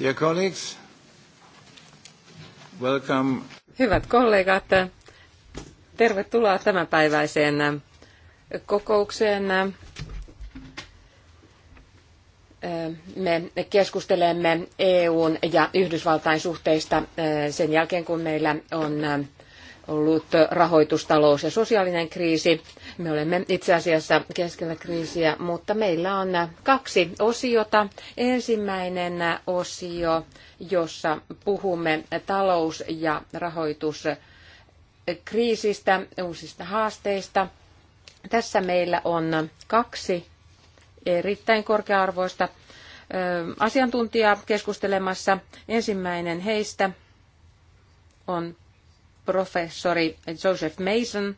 Dear colleagues, welcome. Hyvät kollegat, tervetuloa tämänpäiväiseen kokoukseen. Me keskustelemme EUn ja Yhdysvaltain suhteista sen jälkeen, kun meillä on ollut rahoitus, talous ja sosiaalinen kriisi. Me olemme itse asiassa keskellä kriisiä, mutta meillä on kaksi osiota. Ensimmäinen osio, jossa puhumme talous- ja rahoituskriisistä, uusista haasteista. Tässä meillä on kaksi erittäin korkearvoista asiantuntijaa keskustelemassa. Ensimmäinen heistä on professori Joseph Mason.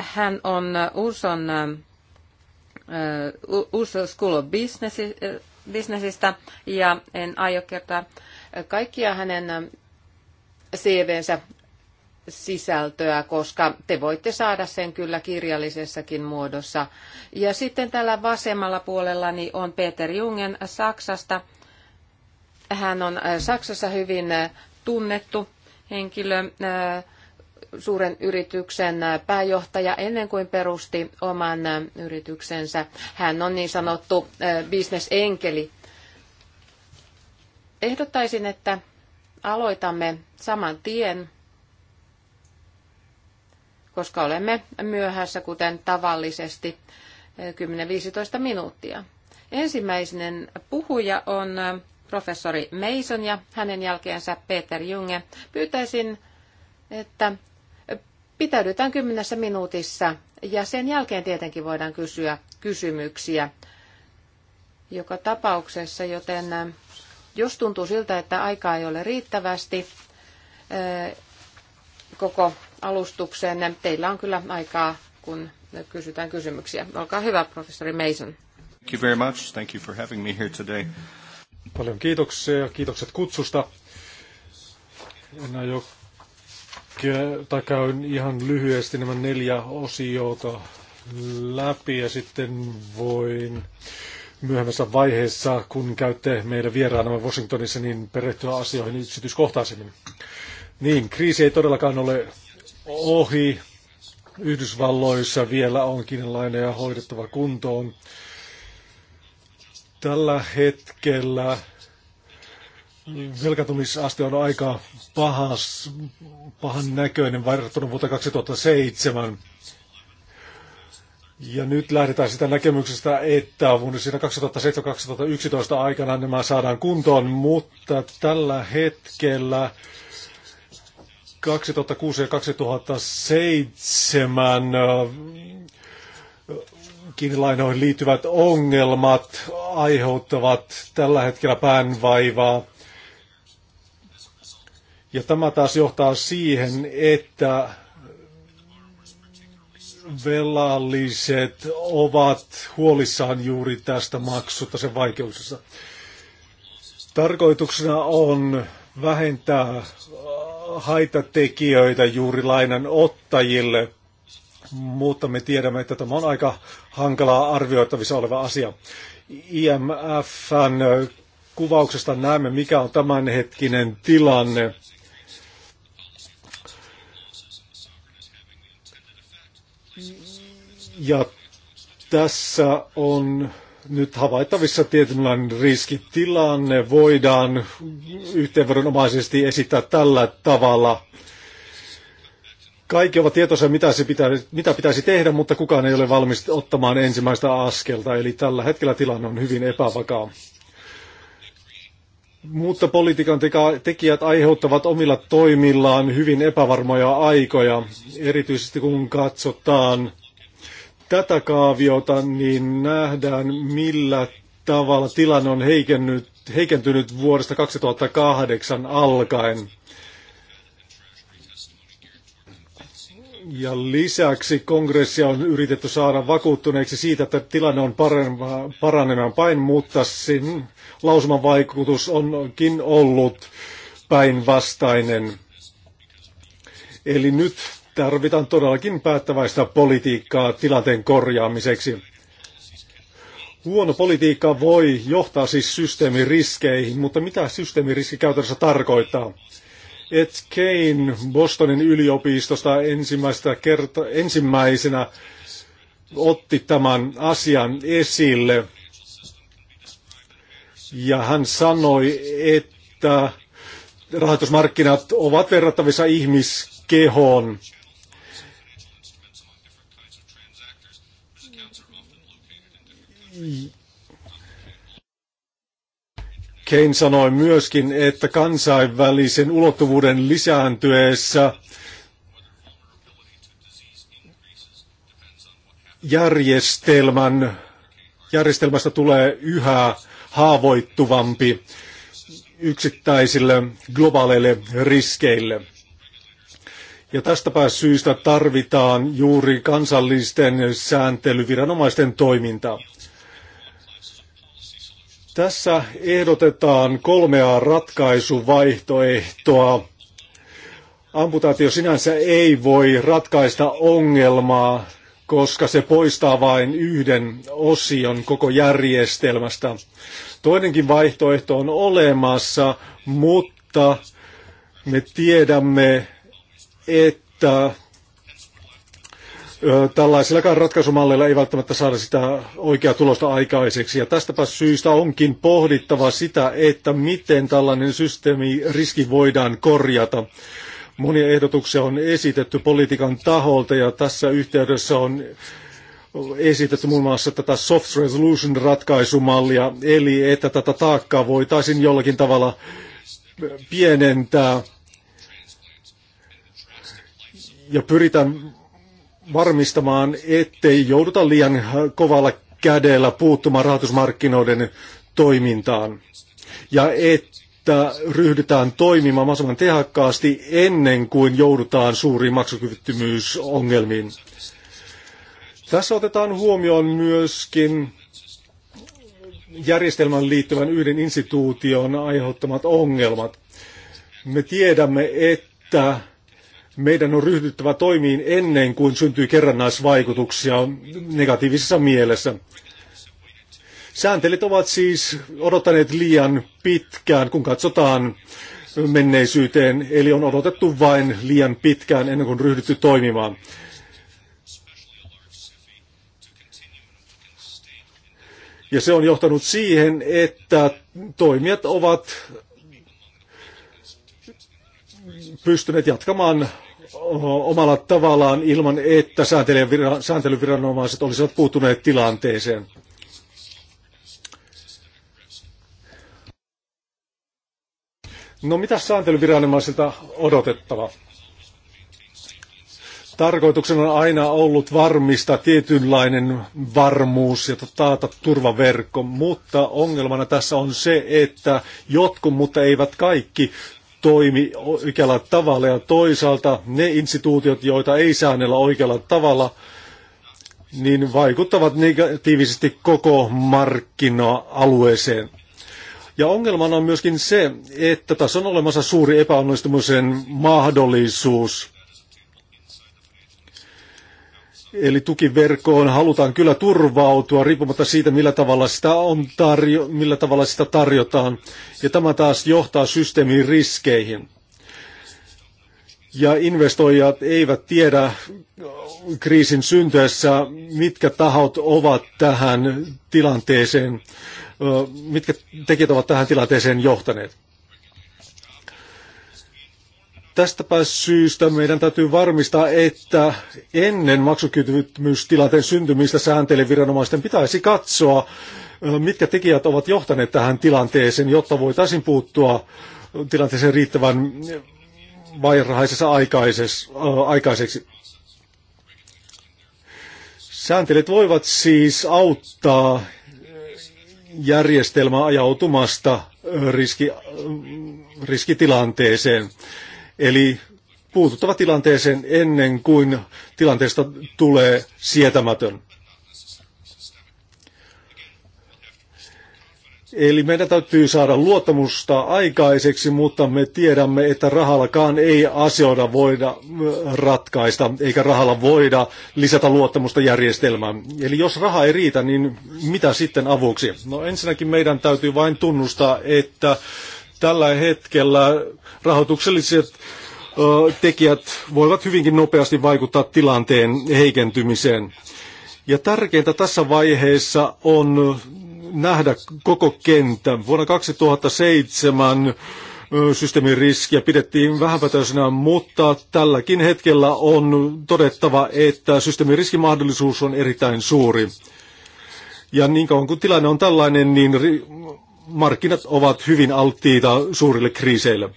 Hän on uh, USON uh, uh, USO School of Businessista ja en aio kertoa kaikkia hänen CVnsä sisältöä, koska te voitte saada sen kyllä kirjallisessakin muodossa. Ja sitten tällä vasemmalla puolella niin on Peter Jungen Saksasta. Hän on Saksassa hyvin tunnettu henkilö, äh, suuren yrityksen äh, pääjohtaja ennen kuin perusti oman äh, yrityksensä. Hän on niin sanottu bisnesenkeli. Ehdottaisin, että aloitamme saman tien, koska olemme myöhässä, kuten tavallisesti, 10-15 minuuttia. Ensimmäinen puhuja on professori Mason ja hänen jälkeensä Peter Junge. Pyytäisin, että pitäydytään kymmenessä minuutissa ja sen jälkeen tietenkin voidaan kysyä kysymyksiä joka tapauksessa, joten äh, jos tuntuu siltä, että aikaa ei ole riittävästi äh, koko alustukseen, teillä on kyllä aikaa, kun kysytään kysymyksiä. Olkaa hyvä, professori Mason. Thank you very much. Thank you for having me here today. Paljon kiitoksia ja kiitokset kutsusta. Enää jo tai käyn ihan lyhyesti nämä neljä osiota läpi ja sitten voin myöhemmässä vaiheessa, kun käytte meidän vieraanamme Washingtonissa, niin perehtyä asioihin yksityiskohtaisemmin. Niin, kriisi ei todellakaan ole ohi. Yhdysvalloissa vielä on kiinalainen ja hoidettava kuntoon. Tällä hetkellä velkatumisaste on aika pahas, pahan näköinen verrattuna vuoteen 2007. Ja nyt lähdetään sitä näkemyksestä, että vuonna siinä 2007-2011 aikana nämä saadaan kuntoon, mutta tällä hetkellä 2006 ja 2007 pankkilainoihin liittyvät ongelmat aiheuttavat tällä hetkellä päänvaivaa. Ja tämä taas johtaa siihen, että velalliset ovat huolissaan juuri tästä maksusta sen vaikeuksessa. Tarkoituksena on vähentää haitatekijöitä juuri lainan ottajille – mutta me tiedämme, että tämä on aika hankalaa arvioitavissa oleva asia. IMFn kuvauksesta näemme, mikä on tämänhetkinen tilanne. Ja tässä on nyt havaittavissa tietynlainen riskitilanne. Voidaan yhteenvedonomaisesti esittää tällä tavalla kaikki ovat tietoisia, mitä, se pitäisi, mitä pitäisi tehdä, mutta kukaan ei ole valmis ottamaan ensimmäistä askelta. Eli tällä hetkellä tilanne on hyvin epävakaa. Mutta politiikan tekijät aiheuttavat omilla toimillaan hyvin epävarmoja aikoja, erityisesti kun katsotaan tätä kaaviota, niin nähdään millä tavalla tilanne on heikennyt, heikentynyt vuodesta 2008 alkaen. Ja lisäksi kongressia on yritetty saada vakuuttuneeksi siitä, että tilanne on paranemaan päin, mutta sen lausuman vaikutus onkin ollut päinvastainen. Eli nyt tarvitaan todellakin päättäväistä politiikkaa tilanteen korjaamiseksi. Huono politiikka voi johtaa siis systeemiriskeihin, mutta mitä systeemiriski käytännössä tarkoittaa? Ed Kane Bostonin yliopistosta ensimmäistä kerta, ensimmäisenä otti tämän asian esille. Ja hän sanoi, että rahoitusmarkkinat ovat verrattavissa ihmiskehoon. Y- Kane sanoi myöskin, että kansainvälisen ulottuvuuden lisääntyessä järjestelmän, järjestelmästä tulee yhä haavoittuvampi yksittäisille globaaleille riskeille. Ja tästäpä syystä tarvitaan juuri kansallisten sääntelyviranomaisten toimintaa. Tässä ehdotetaan kolmea ratkaisuvaihtoehtoa. Amputaatio sinänsä ei voi ratkaista ongelmaa, koska se poistaa vain yhden osion koko järjestelmästä. Toinenkin vaihtoehto on olemassa, mutta me tiedämme, että tällaisillakaan ratkaisumalleilla ei välttämättä saada sitä oikeaa tulosta aikaiseksi. Ja tästäpä syystä onkin pohdittava sitä, että miten tällainen systeemiriski voidaan korjata. Monia ehdotuksia on esitetty politiikan taholta ja tässä yhteydessä on esitetty muun muassa tätä soft resolution ratkaisumallia, eli että tätä taakkaa voitaisiin jollakin tavalla pienentää ja pyritään varmistamaan, ettei jouduta liian kovalla kädellä puuttumaan rahoitusmarkkinoiden toimintaan. Ja että ryhdytään toimimaan mahdollisimman tehokkaasti ennen kuin joudutaan suuriin maksukyvyttömyysongelmiin. Tässä otetaan huomioon myöskin järjestelmän liittyvän yhden instituution aiheuttamat ongelmat. Me tiedämme, että meidän on ryhdyttävä toimiin ennen kuin syntyy kerrannaisvaikutuksia negatiivisessa mielessä. Sääntelit ovat siis odottaneet liian pitkään, kun katsotaan menneisyyteen, eli on odotettu vain liian pitkään ennen kuin ryhdytty toimimaan. Ja se on johtanut siihen, että toimijat ovat pystyneet jatkamaan omalla tavallaan ilman, että sääntelyviranomaiset olisivat puuttuneet tilanteeseen. No mitä sääntelyviranomaisilta odotettava? Tarkoituksena on aina ollut varmistaa tietynlainen varmuus ja taata turvaverkko, mutta ongelmana tässä on se, että jotkut, mutta eivät kaikki toimi oikealla tavalla ja toisaalta ne instituutiot, joita ei säännellä oikealla tavalla, niin vaikuttavat negatiivisesti koko markkina-alueeseen. Ja ongelmana on myöskin se, että tässä on olemassa suuri epäonnistumisen mahdollisuus. Eli tukiverkoon halutaan kyllä turvautua riippumatta siitä, millä tavalla sitä, on tarjo- millä tavalla sitä tarjotaan. Ja tämä taas johtaa systeemin riskeihin. Ja investoijat eivät tiedä kriisin syntyessä, mitkä tahot ovat tähän tilanteeseen, mitkä tekijät ovat tähän tilanteeseen johtaneet. Tästäpä syystä meidän täytyy varmistaa, että ennen maksukyvyttömyystilanteen syntymistä sääntelyviranomaisten pitäisi katsoa, mitkä tekijät ovat johtaneet tähän tilanteeseen, jotta voitaisiin puuttua tilanteeseen riittävän vairahaisessa aikaiseksi. Sääntelyt voivat siis auttaa järjestelmää ajautumasta riski, riskitilanteeseen. Eli puututtava tilanteeseen ennen kuin tilanteesta tulee sietämätön. Eli meidän täytyy saada luottamusta aikaiseksi, mutta me tiedämme, että rahallakaan ei asioida voida ratkaista, eikä rahalla voida lisätä luottamusta järjestelmään. Eli jos raha ei riitä, niin mitä sitten avuksi? No ensinnäkin meidän täytyy vain tunnustaa, että Tällä hetkellä rahoitukselliset tekijät voivat hyvinkin nopeasti vaikuttaa tilanteen heikentymiseen. Ja tärkeintä tässä vaiheessa on nähdä koko kenttä Vuonna 2007 systeemin riskiä pidettiin vähäpätöisenä, mutta tälläkin hetkellä on todettava, että systeemin riskimahdollisuus on erittäin suuri. Ja niin kauan kuin tilanne on tällainen, niin markkinat ovat hyvin alttiita suurille kriiseille.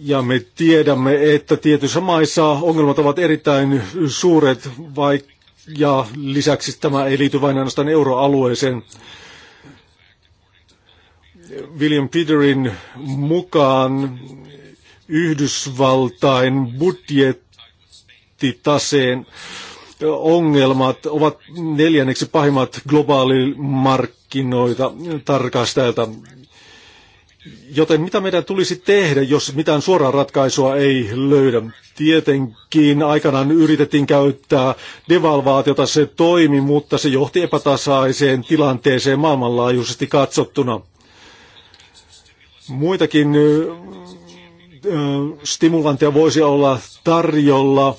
Ja me tiedämme, että tietyissä maissa ongelmat ovat erittäin suuret, vaik- ja lisäksi tämä ei liity vain ainoastaan euroalueeseen. William Peterin mukaan Yhdysvaltain budjettitaseen ongelmat ovat neljänneksi pahimmat globaalimarkkinoita tarkastajalta. Joten mitä meidän tulisi tehdä, jos mitään suoraa ratkaisua ei löydä? Tietenkin aikanaan yritettiin käyttää devalvaatiota, se toimi, mutta se johti epätasaiseen tilanteeseen maailmanlaajuisesti katsottuna. Muitakin stimulantia voisi olla tarjolla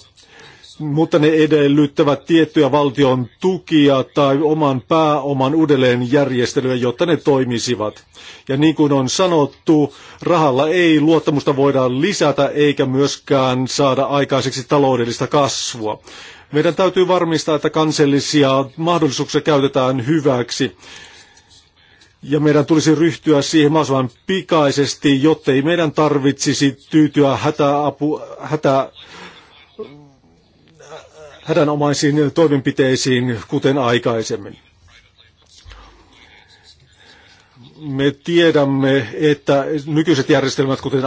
mutta ne edellyttävät tiettyjä valtion tukia tai oman pääoman uudelleenjärjestelyä, jotta ne toimisivat. Ja niin kuin on sanottu, rahalla ei luottamusta voida lisätä eikä myöskään saada aikaiseksi taloudellista kasvua. Meidän täytyy varmistaa, että kansallisia mahdollisuuksia käytetään hyväksi. Ja meidän tulisi ryhtyä siihen mahdollisimman pikaisesti, ei meidän tarvitsisi tyytyä hätäapu, hätä, hädänomaisiin toimenpiteisiin, kuten aikaisemmin. Me tiedämme, että nykyiset järjestelmät, kuten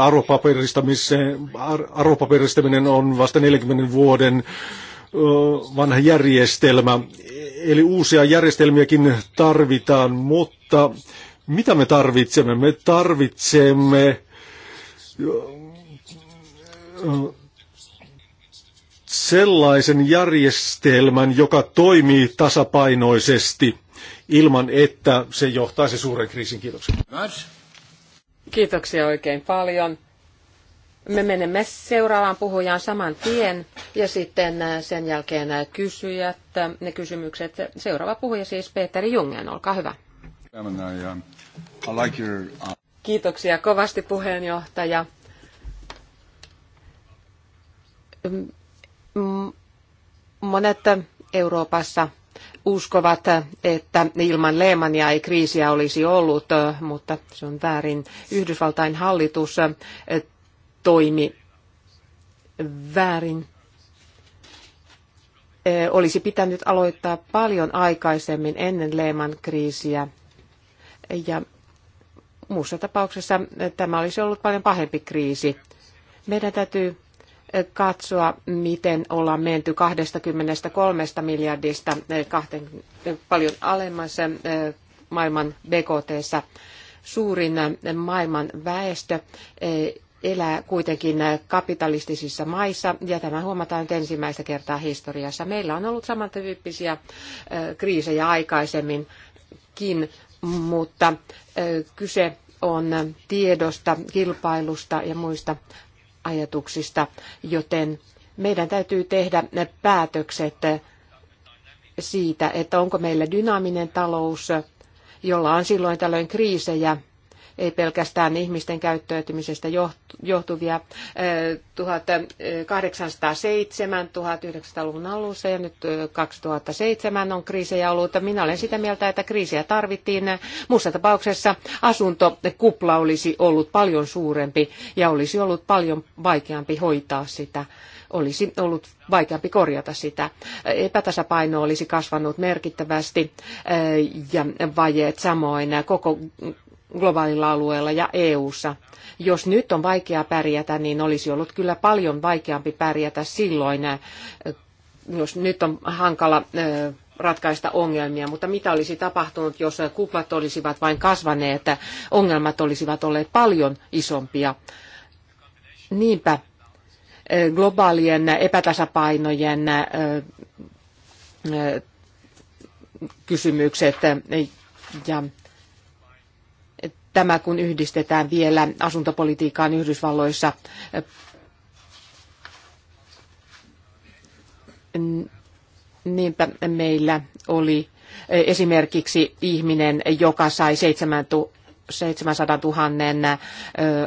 arvopaperistaminen, on vasta 40 vuoden vanha järjestelmä. Eli uusia järjestelmiäkin tarvitaan, mutta mitä me tarvitsemme? Me tarvitsemme sellaisen järjestelmän, joka toimii tasapainoisesti ilman, että se johtaisi suuren kriisin. Kiitoksia. Kiitoksia oikein paljon. Me menemme seuraavaan puhujaan saman tien ja sitten äh, sen jälkeen äh, kysyjät, äh, ne kysymykset. Seuraava puhuja siis Peteri Jungen, olkaa hyvä. Kiitoksia kovasti puheenjohtaja monet Euroopassa uskovat, että ilman Lehmania ei kriisiä olisi ollut, mutta se on väärin. Yhdysvaltain hallitus eh, toimi väärin. Eh, olisi pitänyt aloittaa paljon aikaisemmin ennen Lehman kriisiä. Ja muussa tapauksessa eh, tämä olisi ollut paljon pahempi kriisi. Meidän täytyy katsoa, miten ollaan menty 23 miljardista eh, kahden, eh, paljon alemmassa eh, maailman BKT. Suurin maailman väestö elää kuitenkin kapitalistisissa maissa, ja tämä huomataan nyt ensimmäistä kertaa historiassa. Meillä on ollut samantyyppisiä kriisejä aikaisemminkin, mutta kyse on tiedosta, kilpailusta ja muista ajatuksista, joten meidän täytyy tehdä ne päätökset siitä, että onko meillä dynaaminen talous, jolla on silloin tällöin kriisejä ei pelkästään ihmisten käyttäytymisestä johtuvia 1807, eh, 1900-luvun eh, alussa ja nyt 2007 eh, on kriisejä ollut. Minä olen sitä mieltä, että kriisejä tarvittiin. Muussa tapauksessa asuntokupla olisi ollut paljon suurempi ja olisi ollut paljon vaikeampi hoitaa sitä olisi ollut vaikeampi korjata sitä. Epätasapaino olisi kasvanut merkittävästi ja vajeet samoin. Koko globaalilla alueella ja EU:ssa. Jos nyt on vaikea pärjätä, niin olisi ollut kyllä paljon vaikeampi pärjätä silloin, äh, jos nyt on hankala äh, ratkaista ongelmia, mutta mitä olisi tapahtunut, jos kuplat olisivat vain kasvaneet, ongelmat olisivat olleet paljon isompia. Niinpä äh, globaalien epätasapainojen kysymykset ja Tämä kun yhdistetään vielä asuntopolitiikkaan Yhdysvalloissa, niinpä meillä oli esimerkiksi ihminen, joka sai 700 000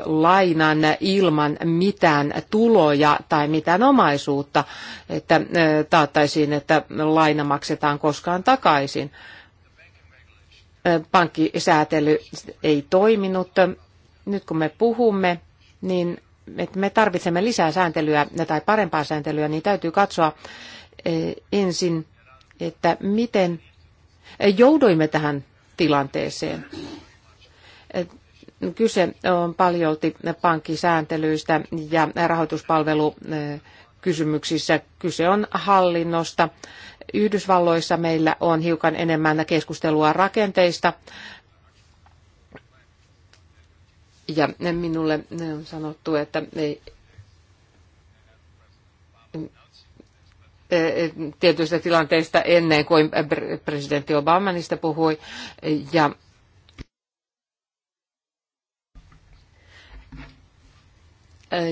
lainan ilman mitään tuloja tai mitään omaisuutta, että taattaisiin, että laina maksetaan koskaan takaisin pankkisäätely ei toiminut. Nyt kun me puhumme, niin että me tarvitsemme lisää sääntelyä tai parempaa sääntelyä, niin täytyy katsoa ensin, että miten jouduimme tähän tilanteeseen. Kyse on paljolti pankkisääntelyistä ja rahoituspalvelukysymyksissä. Kyse on hallinnosta Yhdysvalloissa meillä on hiukan enemmän keskustelua rakenteista. Ja minulle on sanottu, että ei, e, e, tietyistä tilanteista ennen kuin presidentti Obama niistä puhui. Ja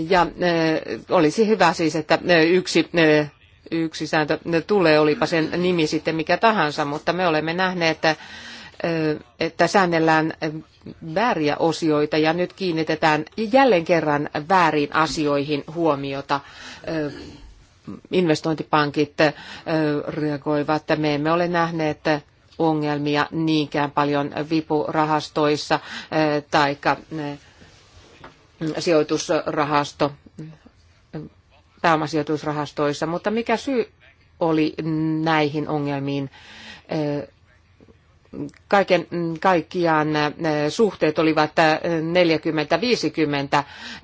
Ja e, olisi hyvä siis, että yksi yksi sääntö tulee, olipa sen nimi sitten mikä tahansa, mutta me olemme nähneet, että, että säännellään vääriä osioita ja nyt kiinnitetään jälleen kerran väärin asioihin huomiota. Investointipankit reagoivat, että me emme ole nähneet ongelmia niinkään paljon vipurahastoissa tai sijoitusrahasto pääomasijoitusrahastoissa, mutta mikä syy oli näihin ongelmiin? kaiken kaikkiaan suhteet olivat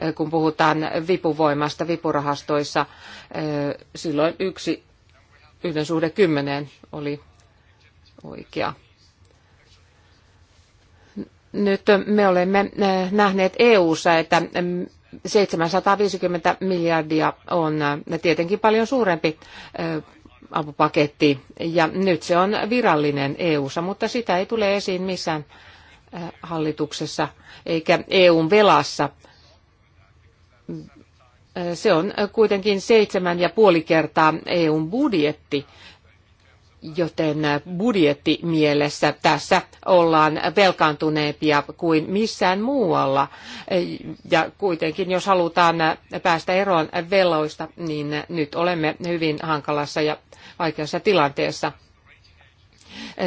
40-50, kun puhutaan vipuvoimasta vipurahastoissa. Silloin yksi, yhden suhde kymmeneen oli oikea. Nyt me olemme nähneet EU-ssa, että 750 miljardia on äh, tietenkin paljon suurempi äh, apupaketti ja nyt se on virallinen EU: EU-ssa, mutta sitä ei tule esiin missään äh, hallituksessa eikä EUn velassa. Se on kuitenkin seitsemän ja puoli kertaa EUn budjetti joten budjettimielessä tässä ollaan velkaantuneempia kuin missään muualla. Ja kuitenkin, jos halutaan päästä eroon veloista, niin nyt olemme hyvin hankalassa ja vaikeassa tilanteessa.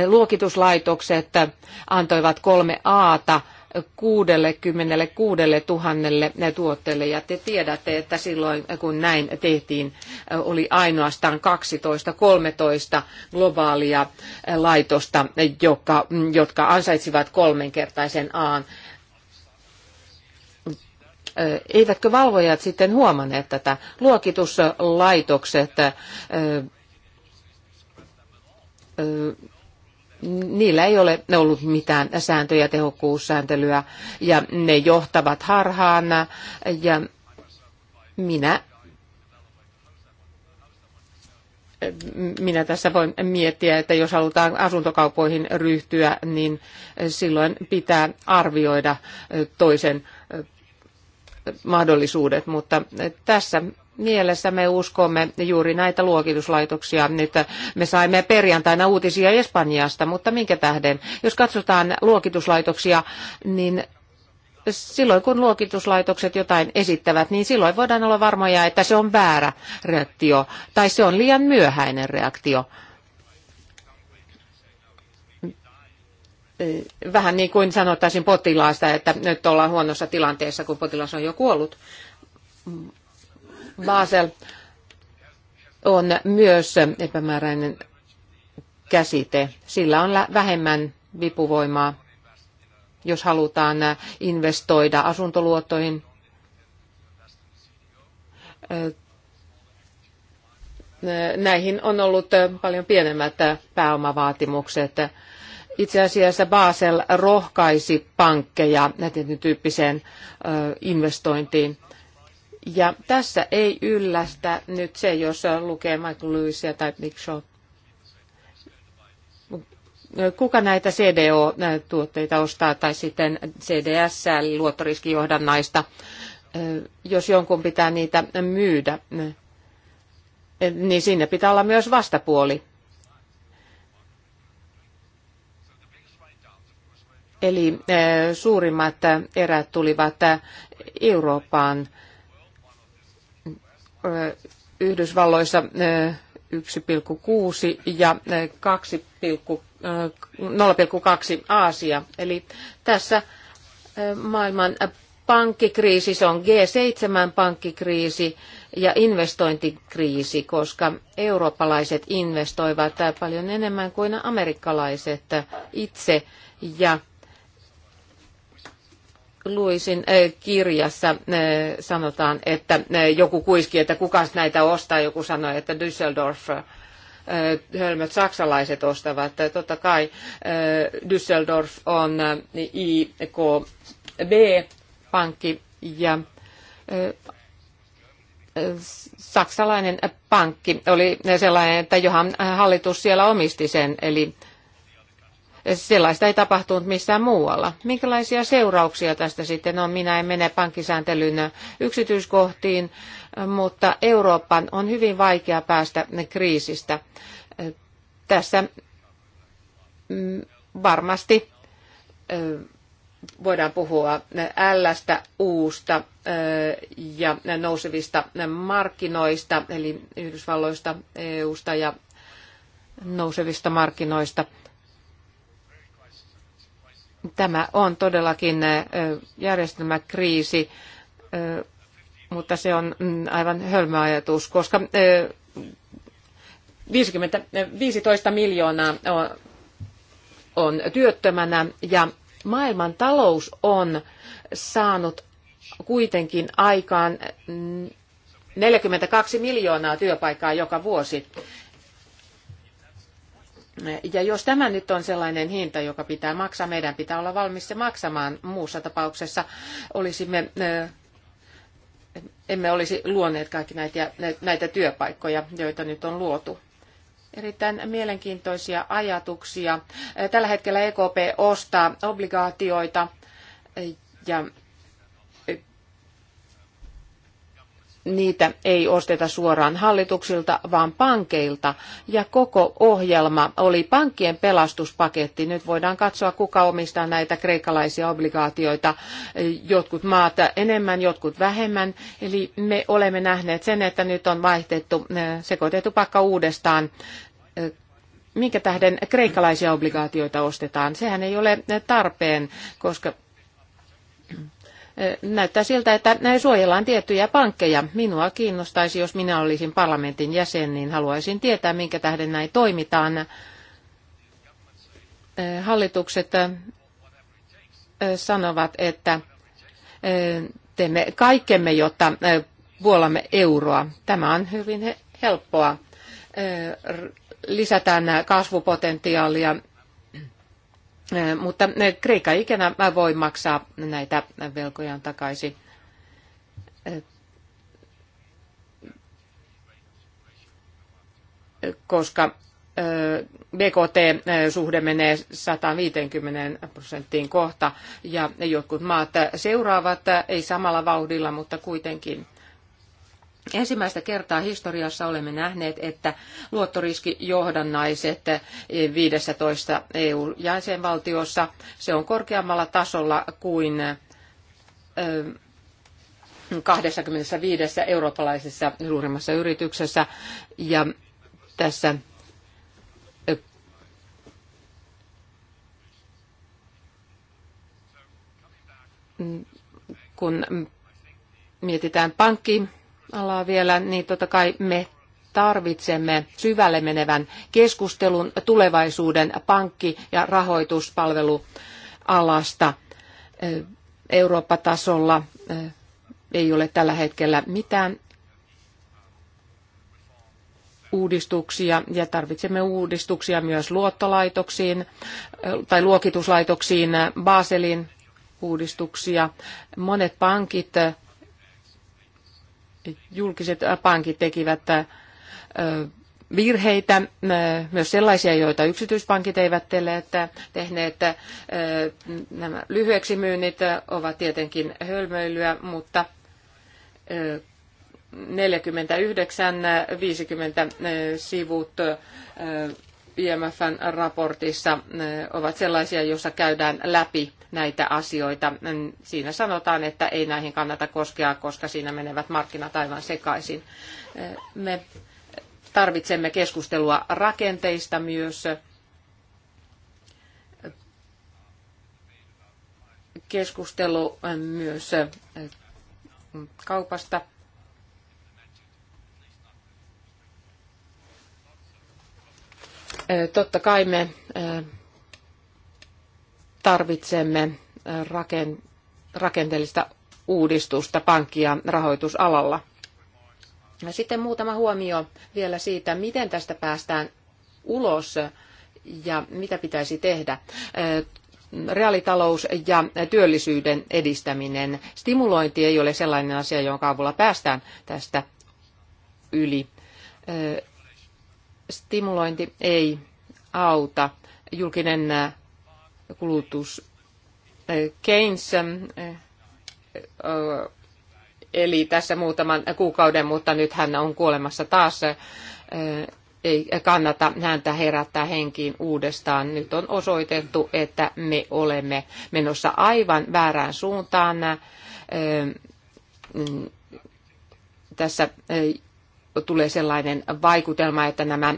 Luokituslaitokset antoivat kolme aata 66 000 tuotteelle ja te tiedätte, että silloin kun näin tehtiin, oli ainoastaan 12-13 globaalia laitosta, joka, jotka ansaitsivat kolmenkertaisen aan. Eivätkö valvojat sitten huomanneet tätä? Luokituslaitokset niillä ei ole ollut mitään sääntöjä, tehokkuussääntelyä, ja ne johtavat harhaan, ja minä minä tässä voin miettiä, että jos halutaan asuntokaupoihin ryhtyä, niin silloin pitää arvioida toisen mahdollisuudet, mutta tässä mielessä me uskomme juuri näitä luokituslaitoksia. Nyt me saimme perjantaina uutisia Espanjasta, mutta minkä tähden? Jos katsotaan luokituslaitoksia, niin silloin kun luokituslaitokset jotain esittävät, niin silloin voidaan olla varmoja, että se on väärä reaktio tai se on liian myöhäinen reaktio. Vähän niin kuin sanottaisiin potilaasta, että nyt ollaan huonossa tilanteessa, kun potilas on jo kuollut Basel on myös epämääräinen käsite. Sillä on vähemmän vipuvoimaa, jos halutaan äh, investoida asuntoluottoihin. Äh, näihin on ollut äh, paljon pienemmät pääomavaatimukset. Itse asiassa Basel rohkaisi pankkeja tietyn tyyppiseen investointiin. Ja tässä ei yllästä nyt se, jos lukee Michael Lewisia tai Big Show. Kuka näitä CDO-tuotteita ostaa tai sitten CDS, eli luottoriskijohdannaista, jos jonkun pitää niitä myydä, niin sinne pitää olla myös vastapuoli. Eli eh, suurimmat erät tulivat eh, Eurooppaan Yhdysvalloissa 1,6 ja 0,2 Aasia. Eli tässä maailman pankkikriisi, se on G7-pankkikriisi ja investointikriisi, koska eurooppalaiset investoivat paljon enemmän kuin amerikkalaiset itse ja Luisin äh, kirjassa äh, sanotaan, että äh, joku kuiski, että kuka näitä ostaa. Joku sanoi, että Düsseldorf hölmöt saksalaiset ostavat. Totta kai Düsseldorf on IKB-pankki ja saksalainen pankki oli sellainen, että johan hallitus siellä omisti sen, eli Sellaista ei tapahtunut missään muualla. Minkälaisia seurauksia tästä sitten on? Minä en mene pankkisääntelyn yksityiskohtiin, mutta Euroopan on hyvin vaikea päästä kriisistä. Tässä mm, varmasti voidaan puhua ällästä, uusta ja nousevista markkinoista, eli Yhdysvalloista, EUsta ja nousevista markkinoista. Tämä on todellakin järjestelmäkriisi, mutta se on mm, aivan hölmö ajatus, koska 50, 15 miljoonaa on työttömänä ja maailman talous on saanut kuitenkin aikaan 42 mm, miljoonaa työpaikkaa joka vuosi. Ja jos tämä nyt on sellainen hinta, joka pitää maksaa, meidän pitää olla valmis se maksamaan. Muussa tapauksessa olisimme, eh, emme olisi luoneet kaikki näitä, näitä työpaikkoja, joita nyt on luotu. Erittäin mielenkiintoisia ajatuksia. Tällä hetkellä EKP ostaa obligaatioita ja niitä ei osteta suoraan hallituksilta, vaan pankeilta. Ja koko ohjelma oli pankkien pelastuspaketti. Nyt voidaan katsoa, kuka omistaa näitä kreikkalaisia obligaatioita. Jotkut maat enemmän, jotkut vähemmän. Eli me olemme nähneet sen, että nyt on vaihtettu, eh, sekoitettu pakka uudestaan eh, minkä tähden kreikkalaisia obligaatioita ostetaan. Sehän ei ole tarpeen, koska näyttää siltä, että näin suojellaan tiettyjä pankkeja. Minua kiinnostaisi, jos minä olisin parlamentin jäsen, niin haluaisin tietää, minkä tähden näin toimitaan. Hallitukset sanovat, että teemme kaikkemme, jotta puolamme euroa. Tämä on hyvin helppoa. Lisätään kasvupotentiaalia mutta Kreikka ikinä voi maksaa näitä velkojaan takaisin. Koska BKT-suhde menee 150 prosenttiin kohta ja jotkut maat seuraavat, ei samalla vauhdilla, mutta kuitenkin. Ensimmäistä kertaa historiassa olemme nähneet, että luottoriskijohdannaiset 15 EU-jäsenvaltiossa se on korkeammalla tasolla kuin 25 eurooppalaisessa suurimmassa yrityksessä. Ja tässä kun mietitään pankkiin alaa vielä, niin totta kai me tarvitsemme syvälle menevän keskustelun tulevaisuuden pankki- ja rahoituspalvelualasta Eurooppa-tasolla. Ei ole tällä hetkellä mitään uudistuksia ja tarvitsemme uudistuksia myös luottolaitoksiin tai luokituslaitoksiin, Baselin uudistuksia. Monet pankit julkiset pankit tekivät virheitä, myös sellaisia, joita yksityispankit eivät tehneet. Nämä lyhyeksi myynnit ovat tietenkin hölmöilyä, mutta 49-50 sivut IMFn raportissa eh, ovat sellaisia, joissa käydään läpi näitä asioita. Mm, siinä sanotaan, että ei näihin kannata koskea, koska siinä menevät markkinat aivan sekaisin. Eh, me tarvitsemme keskustelua rakenteista myös. Keskustelu eh, myös kaupasta Totta kai me tarvitsemme rakenteellista uudistusta pankki- ja rahoitusalalla. Sitten muutama huomio vielä siitä, miten tästä päästään ulos ja mitä pitäisi tehdä. Reaalitalous ja työllisyyden edistäminen. Stimulointi ei ole sellainen asia, jonka avulla päästään tästä yli stimulointi ei auta. Julkinen äh, kulutus äh, Keynes, äh, eli tässä muutaman kuukauden, mutta nyt hän on kuolemassa taas, ei kannata häntä herättää henkiin uudestaan. Nyt on osoitettu, että me olemme menossa aivan väärään suuntaan mm, tässä tulee sellainen vaikutelma, että nämä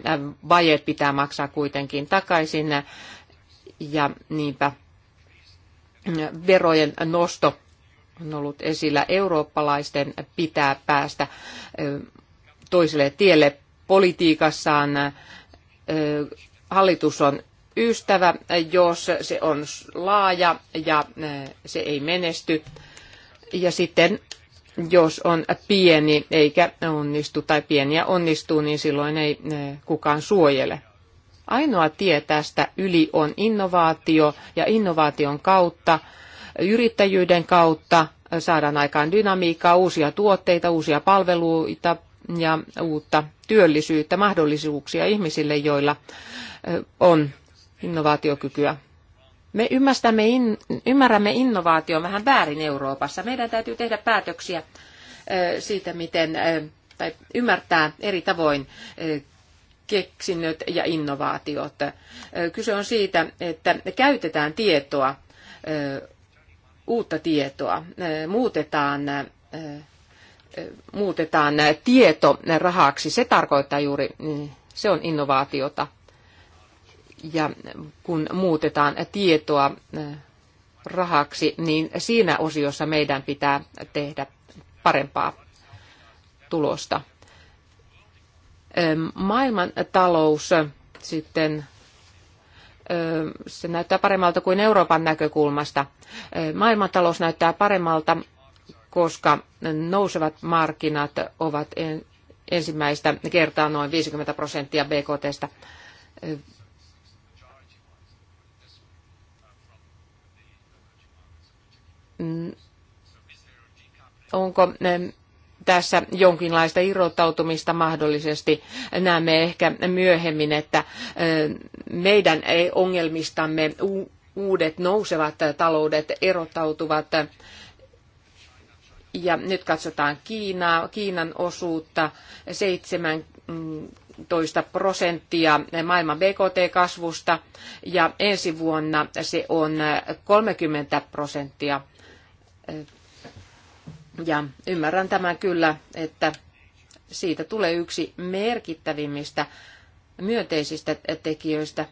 vajeet pitää maksaa kuitenkin takaisin ja niinpä verojen nosto on ollut esillä. Eurooppalaisten pitää päästä toiselle tielle politiikassaan. Hallitus on ystävä, jos se on laaja ja se ei menesty. Ja sitten jos on pieni eikä onnistu tai pieniä onnistuu, niin silloin ei eh, kukaan suojele. Ainoa tie tästä yli on innovaatio ja innovaation kautta, yrittäjyyden kautta eh, saadaan aikaan dynamiikkaa, uusia tuotteita, uusia palveluita ja uutta työllisyyttä, mahdollisuuksia ihmisille, joilla eh, on innovaatiokykyä. Me ymmärrämme, in, ymmärrämme innovaation vähän väärin Euroopassa. Meidän täytyy tehdä päätöksiä siitä, miten, tai ymmärtää eri tavoin keksinnöt ja innovaatiot. Kyse on siitä, että käytetään tietoa, uutta tietoa, muutetaan muutetaan tieto rahaksi, se tarkoittaa juuri, mm, se on innovaatiota ja kun muutetaan tietoa eh, rahaksi, niin siinä osiossa meidän pitää tehdä parempaa tulosta. Maailman talous sitten se näyttää paremmalta kuin Euroopan näkökulmasta. Maailmantalous näyttää paremmalta, koska nousevat markkinat ovat ensimmäistä kertaa noin 50 prosenttia BKTstä Mm. onko eh, tässä jonkinlaista irrottautumista mahdollisesti. Näemme ehkä myöhemmin, että eh, meidän eh, ongelmistamme uudet nousevat taloudet erottautuvat. Ja nyt katsotaan Kiinaa, Kiinan osuutta 17 prosenttia maailman BKT-kasvusta ja ensi vuonna se on 30 prosenttia ja ymmärrän tämän kyllä, että siitä tulee yksi merkittävimmistä myönteisistä tekijöistä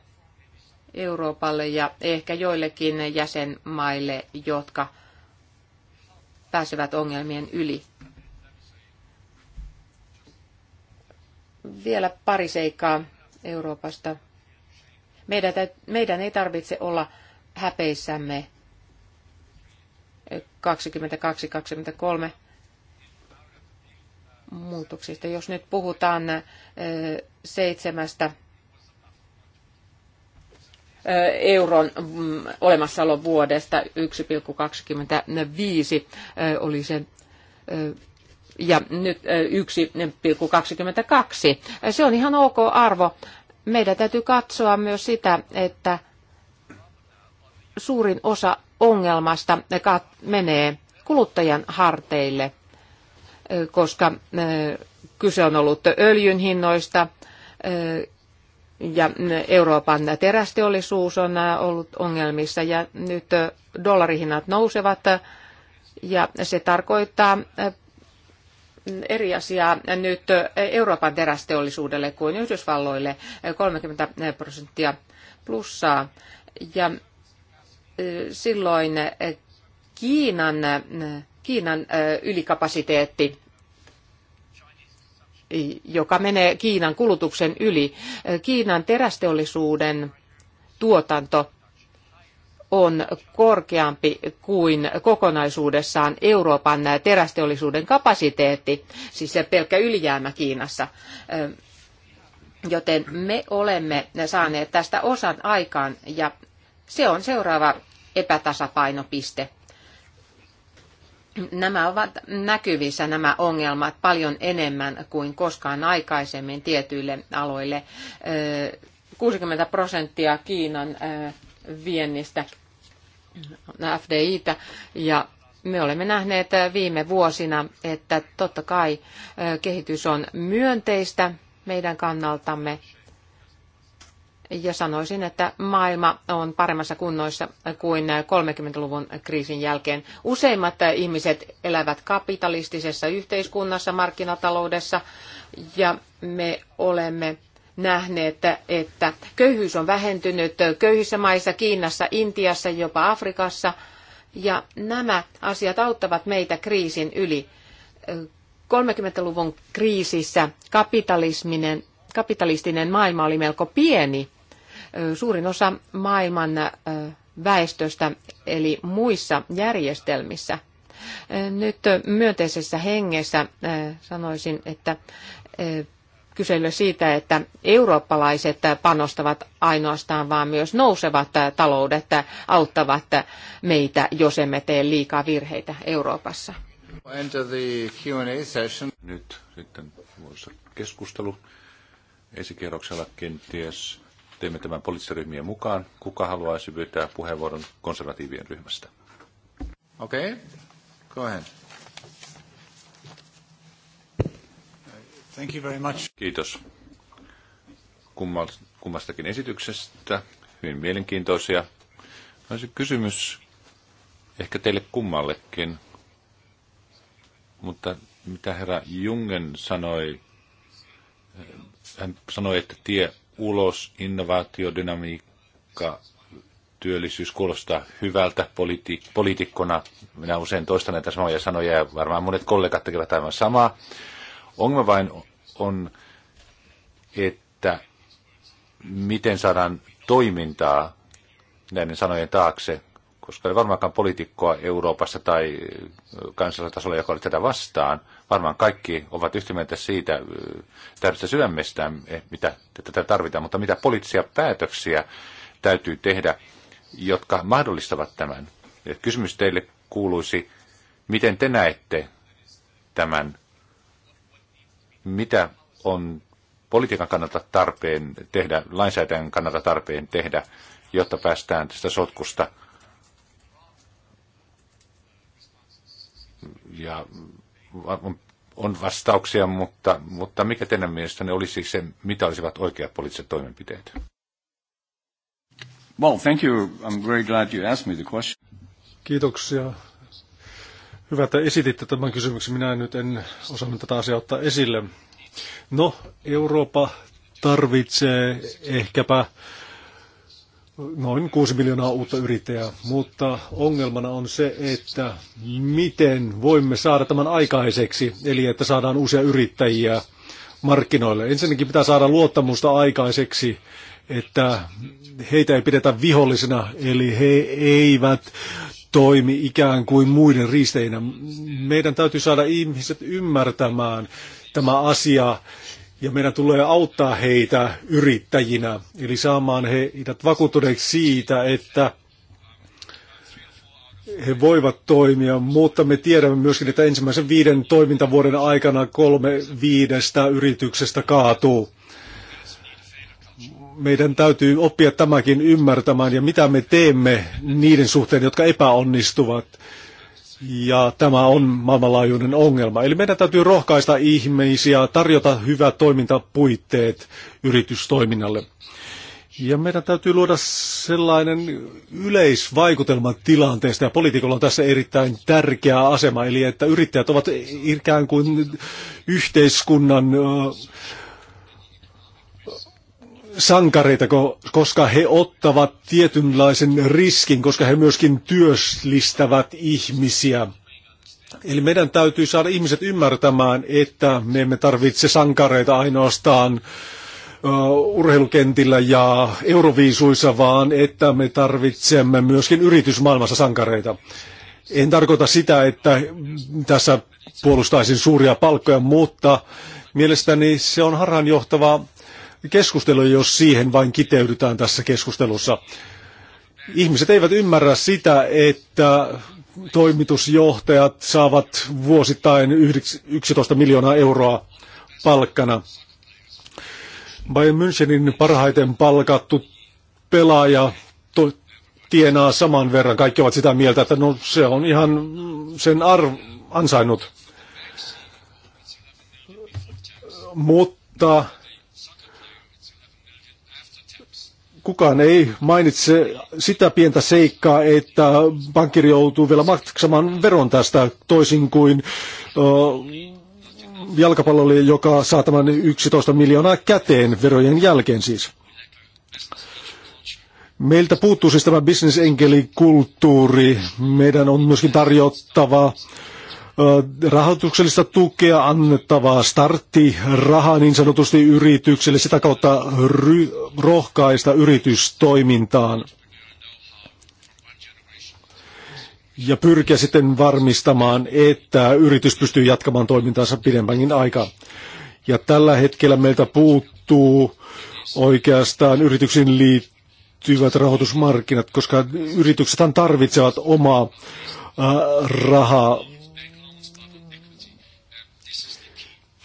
Euroopalle ja ehkä joillekin jäsenmaille, jotka pääsevät ongelmien yli. Vielä pari seikkaa Euroopasta. Meidän, meidän ei tarvitse olla häpeissämme 22-23 muutoksista. Jos nyt puhutaan seitsemästä euron mm, olemassaolon vuodesta 1,25 oli se ja nyt 1,22. Se on ihan ok arvo. Meidän täytyy katsoa myös sitä, että suurin osa ongelmasta menee kuluttajan harteille, koska kyse on ollut öljyn hinnoista ja Euroopan terästeollisuus on ollut ongelmissa ja nyt dollarihinnat nousevat ja se tarkoittaa eri asiaa nyt Euroopan terästeollisuudelle kuin Yhdysvalloille 30 prosenttia plussaa. Ja silloin Kiinan, Kiinan ylikapasiteetti joka menee Kiinan kulutuksen yli. Kiinan terästeollisuuden tuotanto on korkeampi kuin kokonaisuudessaan Euroopan terästeollisuuden kapasiteetti, siis se pelkkä ylijäämä Kiinassa. Joten me olemme saaneet tästä osan aikaan ja se on seuraava epätasapainopiste. Nämä ovat näkyvissä nämä ongelmat paljon enemmän kuin koskaan aikaisemmin tietyille aloille. 60 prosenttia Kiinan viennistä FDItä ja me olemme nähneet viime vuosina, että totta kai kehitys on myönteistä meidän kannaltamme, ja sanoisin, että maailma on paremmassa kunnoissa kuin 30-luvun kriisin jälkeen. Useimmat ihmiset elävät kapitalistisessa yhteiskunnassa, markkinataloudessa, ja me olemme nähneet, että köyhyys on vähentynyt köyhissä maissa, Kiinassa, Intiassa, jopa Afrikassa, ja nämä asiat auttavat meitä kriisin yli. 30-luvun kriisissä kapitalisminen kapitalistinen maailma oli melko pieni Suurin osa maailman väestöstä, eli muissa järjestelmissä. Nyt myönteisessä hengessä sanoisin, että kysely siitä, että eurooppalaiset panostavat ainoastaan, vaan myös nousevat taloudet auttavat meitä, jos emme tee liikaa virheitä Euroopassa. Nyt sitten keskustelu esikierroksella kenties. Teemme tämän poliittisten mukaan. Kuka haluaisi pyytää puheenvuoron konservatiivien ryhmästä? Okei, okay. go ahead. Thank you very much. Kiitos kummastakin esityksestä. Hyvin mielenkiintoisia. Olisi no kysymys ehkä teille kummallekin, mutta mitä herra Jungen sanoi, hän sanoi, että tie ulos innovaatiodynamiikka, työllisyys kuulostaa hyvältä politi- poliitikkona. Minä usein toistan näitä samoja sanoja ja varmaan monet kollegat tekevät aivan samaa. Ongelma vain on, että miten saadaan toimintaa näiden sanojen taakse koska ei varmaankaan poliitikkoa Euroopassa tai kansallisella joka oli tätä vastaan. Varmaan kaikki ovat yhtä mieltä siitä täydestä sydämestään, eh, mitä tätä tarvitaan, mutta mitä poliittisia päätöksiä täytyy tehdä, jotka mahdollistavat tämän. Kysymys teille kuuluisi, miten te näette tämän, mitä on politiikan kannalta tarpeen tehdä, lainsäädännön kannalta tarpeen tehdä, jotta päästään tästä sotkusta – ja on vastauksia, mutta, mutta mikä teidän mielestänne olisi se, mitä olisivat oikeat poliittiset toimenpiteet? Well, thank you. I'm very glad you asked me the question. Kiitoksia. Hyvä, että esititte tämän kysymyksen. Minä nyt en osannut tätä asiaa ottaa esille. No, Eurooppa tarvitsee ehkäpä noin 6 miljoonaa uutta yrittäjää, mutta ongelmana on se, että miten voimme saada tämän aikaiseksi, eli että saadaan uusia yrittäjiä markkinoille. Ensinnäkin pitää saada luottamusta aikaiseksi, että heitä ei pidetä vihollisena, eli he eivät toimi ikään kuin muiden riisteinä. Meidän täytyy saada ihmiset ymmärtämään tämä asia ja meidän tulee auttaa heitä yrittäjinä, eli saamaan heidät vakuuttuneeksi siitä, että he voivat toimia, mutta me tiedämme myöskin, että ensimmäisen viiden toimintavuoden aikana kolme viidestä yrityksestä kaatuu. Meidän täytyy oppia tämäkin ymmärtämään ja mitä me teemme niiden suhteen, jotka epäonnistuvat. Ja tämä on maailmanlaajuinen ongelma. Eli meidän täytyy rohkaista ihmisiä, tarjota hyvät toimintapuitteet yritystoiminnalle. Ja meidän täytyy luoda sellainen yleisvaikutelma tilanteesta, ja poliitikolla on tässä erittäin tärkeä asema, eli että yrittäjät ovat ikään kuin yhteiskunnan sankareita, koska he ottavat tietynlaisen riskin, koska he myöskin työslistävät ihmisiä. Eli meidän täytyy saada ihmiset ymmärtämään, että me emme tarvitse sankareita ainoastaan urheilukentillä ja euroviisuissa, vaan että me tarvitsemme myöskin yritysmaailmassa sankareita. En tarkoita sitä, että tässä puolustaisin suuria palkkoja, mutta mielestäni se on harhaanjohtavaa keskustelu, jos siihen vain kiteydytään tässä keskustelussa. Ihmiset eivät ymmärrä sitä, että toimitusjohtajat saavat vuosittain 11 miljoonaa euroa palkkana. Bayern Münchenin parhaiten palkattu pelaaja to, tienaa saman verran. Kaikki ovat sitä mieltä, että no, se on ihan sen arv, ansainnut. Mutta kukaan ei mainitse sitä pientä seikkaa, että pankkiri joutuu vielä maksamaan veron tästä toisin kuin jalkapallolle, joka saa tämän 11 miljoonaa käteen verojen jälkeen siis. Meiltä puuttuu siis tämä bisnesenkelikulttuuri. Meidän on myöskin tarjottava uh, rahoituksellista tukea annettavaa starttirahaa niin sanotusti yrityksille, sitä kautta rohkaista yritystoimintaan. Ja pyrkiä sitten varmistamaan, että yritys pystyy jatkamaan toimintaansa pidempäänkin aikaa. Ja tällä hetkellä meiltä puuttuu oikeastaan yrityksiin liittyvät rahoitusmarkkinat, koska yrityksethän tarvitsevat omaa rahaa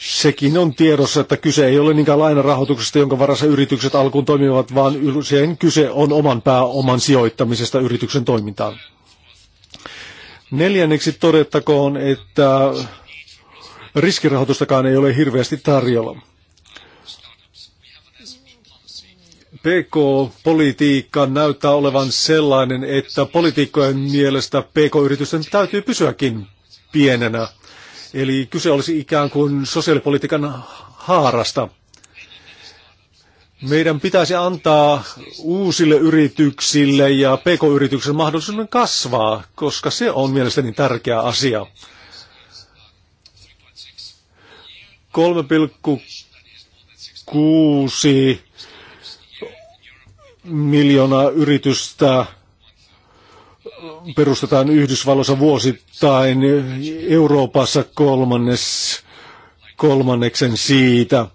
sekin on tiedossa, että kyse ei ole niinkään lainarahoituksesta, jonka varassa yritykset alkuun toimivat, vaan sen kyse on oman pääoman sijoittamisesta yrityksen toimintaan. Neljänneksi todettakoon, että riskirahoitustakaan ei ole hirveästi tarjolla. PK-politiikka näyttää olevan sellainen, että politiikkojen mielestä PK-yritysten täytyy pysyäkin pienenä – Eli kyse olisi ikään kuin sosiaalipolitiikan haarasta. Meidän pitäisi antaa uusille yrityksille ja pk-yrityksille mahdollisuuden kasvaa, koska se on mielestäni tärkeä asia. 3,6 miljoonaa yritystä perustetaan Yhdysvalloissa vuosittain, Euroopassa kolmannes, kolmanneksen siitä.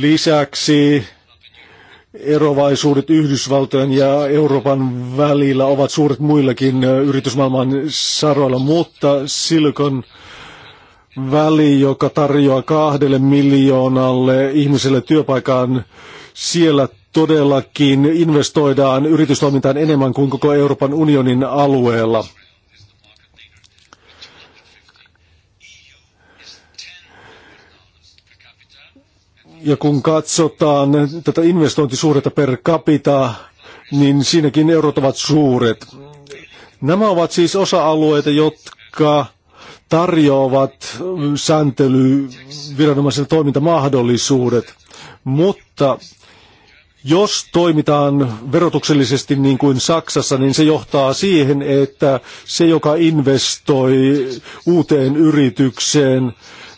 Lisäksi erovaisuudet Yhdysvaltojen ja Euroopan välillä ovat suuret muillakin yritysmaailman saroilla, mutta Silicon väli, joka tarjoaa kahdelle miljoonalle ihmiselle työpaikan, siellä todellakin investoidaan yritystoimintaan enemmän kuin koko Euroopan unionin alueella. Ja kun katsotaan tätä investointisuhdetta per capita, niin siinäkin eurot ovat suuret. Nämä ovat siis osa-alueita, jotka tarjoavat sääntelyviranomaisen toimintamahdollisuudet, mutta jos toimitaan verotuksellisesti niin kuin Saksassa, niin se johtaa siihen, että se, joka investoi uuteen yritykseen,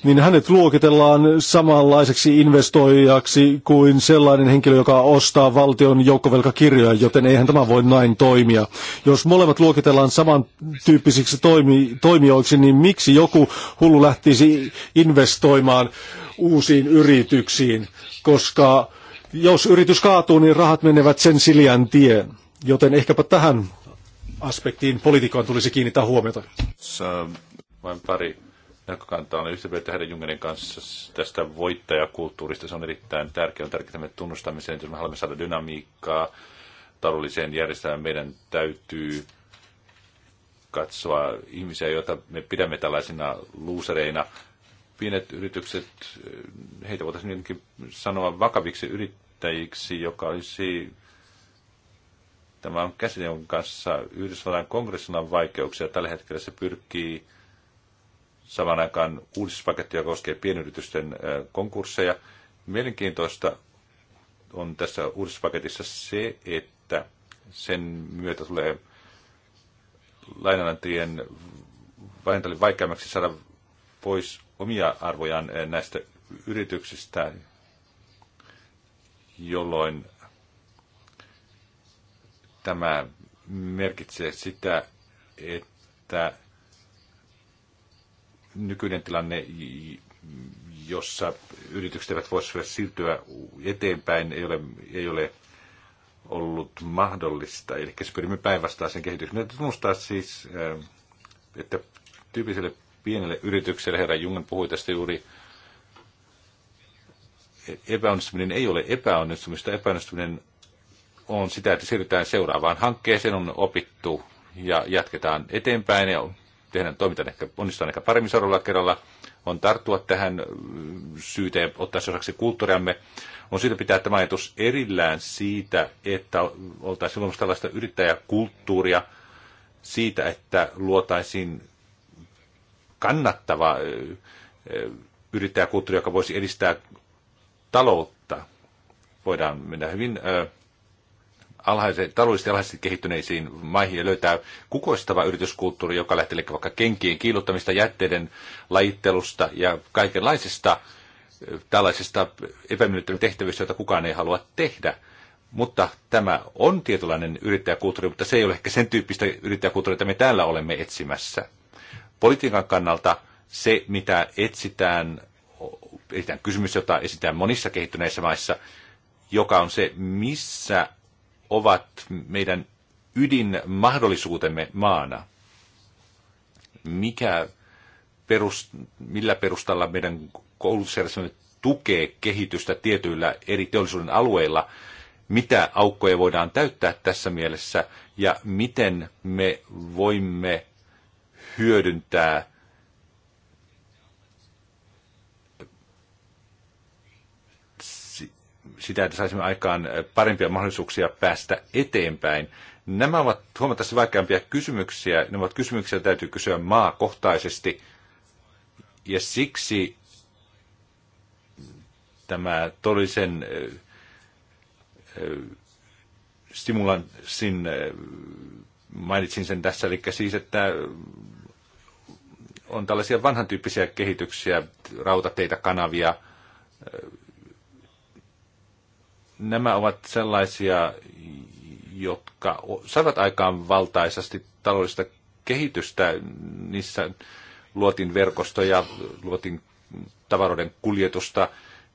niin hänet luokitellaan samanlaiseksi investoijaksi kuin sellainen henkilö, joka ostaa valtion joukkovelkakirjoja, joten eihän tämä voi näin toimia. Jos molemmat luokitellaan samantyyppisiksi toimi, toimijoiksi, niin miksi joku hullu lähtisi investoimaan uusiin yrityksiin, koska jos yritys kaatuu, niin rahat menevät sen siljän tien. Joten ehkäpä tähän aspektiin poliitikkoon tulisi kiinnittää huomiota. Vain pari näkökantaa. Olen yhtä mieltä Häden Jungerin kanssa tästä voittajakulttuurista. Se on erittäin tärkeä, on tärkeää tunnustamiseen, jos me haluamme saada dynamiikkaa taloudelliseen järjestelmään. Meidän täytyy katsoa ihmisiä, joita me pidämme tällaisina luusereina, pienet yritykset, eh, heitä voitaisiin sanoa vakaviksi yrittäjiksi, joka olisi Tämä on kanssa Yhdysvaltain kongressilla on vaikeuksia. Tällä hetkellä se pyrkii saman aikaan uudistuspakettia, joka koskee pienyritysten eh, konkursseja. Mielenkiintoista on tässä uudistuspaketissa se, että sen myötä tulee lainanantien vähentäjille vaikeammaksi saada pois omia arvojaan eh, näistä yrityksistä, jolloin tämä merkitsee sitä, että nykyinen tilanne, jossa yritykset eivät voisi siirtyä eteenpäin, ei ole, ei ole ollut mahdollista. Eli siis pyrimme päinvastaisen kehityksen. Täytyy siis, eh, että tyypiselle pienelle yritykselle. Herra Jungen puhui tästä juuri. Epäonnistuminen ei ole epäonnistumista. Epäonnistuminen on sitä, että siirrytään seuraavaan hankkeeseen, on opittu ja jatketaan eteenpäin ja tehdään toimintaa ehkä, onnistutaan ehkä paremmin seuraavalla kerralla, on tarttua tähän mm, syyteen, ottaa se osaksi kulttuuriamme, on syytä pitää tämä ajatus erillään siitä, että oltaisiin luomassa tällaista yrittäjäkulttuuria siitä, että luotaisiin kannattava yrittäjäkulttuuri, joka voisi edistää taloutta. Voidaan mennä hyvin alhaisen, taloudellisesti alhaisesti kehittyneisiin maihin ja löytää kukoistava yrityskulttuuri, joka lähtee vaikka kenkien kiilottamista, jätteiden lajittelusta ja kaikenlaisista tällaisista epämiellyttävistä tehtävistä, joita kukaan ei halua tehdä. Mutta tämä on tietynlainen yrittäjäkulttuuri, mutta se ei ole ehkä sen tyyppistä yrittäjäkulttuuria, jota me täällä olemme etsimässä. Politiikan kannalta se, mitä etsitään, etsitään kysymys, jota esitään monissa kehittyneissä maissa, joka on se, missä ovat meidän ydinmahdollisuutemme maana. Mikä perust, millä perustalla meidän koulutusjärjestelmämme tukee kehitystä tietyillä eri teollisuuden alueilla, mitä aukkoja voidaan täyttää tässä mielessä ja miten me voimme hyödyntää sitä, että saisimme aikaan parempia mahdollisuuksia päästä eteenpäin. Nämä ovat huomattavasti vaikeampia kysymyksiä. Ne ovat kysymyksiä, joita täytyy kysyä maakohtaisesti. Ja siksi tämä todellisen sin mainitsin sen tässä, eli siis, että on tällaisia vanhan tyyppisiä kehityksiä, rautateitä, kanavia. Nämä ovat sellaisia, jotka saivat aikaan valtaisasti taloudellista kehitystä. Niissä luotiin verkostoja, luotiin tavaroiden kuljetusta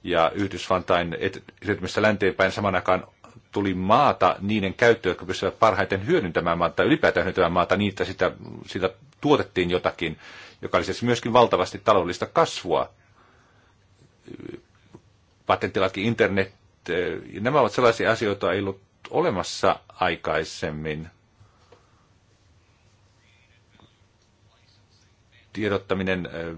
ja Yhdysvaltain etenemistä länteenpäin saman aikaan tuli maata niiden käyttöön, jotka pystyvät parhaiten hyödyntämään maata, tai ylipäätään hyödyntämään maata niin, että sitä, sitä tuotettiin jotakin joka lisäsi siis myöskin valtavasti taloudellista kasvua. Patenttilaki, internet, eh, nämä ovat sellaisia asioita, joita ei ollut olemassa aikaisemmin. Tiedottaminen, eh,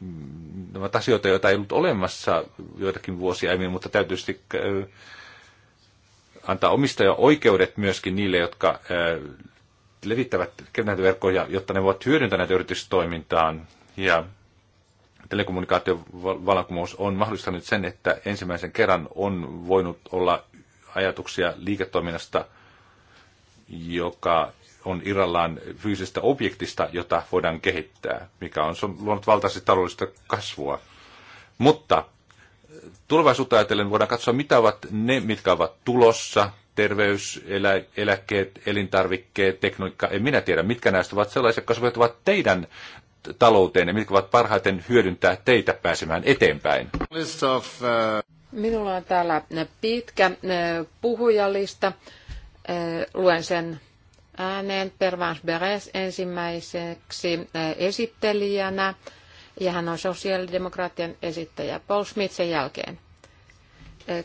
nämä ovat asioita, joita ei ollut olemassa joitakin vuosia aiemmin, mutta täytyy eh, antaa omistaja oikeudet myöskin niille, jotka levittävät näitä verkkoja, jotta ne voivat hyödyntää näitä yritystoimintaan. Ja telekommunikaatiovallankumous on mahdollistanut sen, että ensimmäisen kerran on voinut olla ajatuksia liiketoiminnasta, joka on irrallaan fyysisestä objektista, jota voidaan kehittää, mikä on, on luonut valtaisesti taloudellista kasvua. Mutta tulevaisuutta ajatellen voidaan katsoa, mitä ovat ne, mitkä ovat tulossa, terveys, elä, eläkkeet, elintarvikkeet, tekniikka, en minä tiedä, mitkä näistä ovat sellaisia, jotka sopivat teidän talouteen ja mitkä ovat parhaiten hyödyntää teitä pääsemään eteenpäin. Uh, Minulla on täällä pitkä uh, puhujalista. Uh, luen sen ääneen Pervans Beres ensimmäiseksi esittelijänä ja hän on sosiaalidemokraattien esittäjä Paul Schmidt sen jälkeen.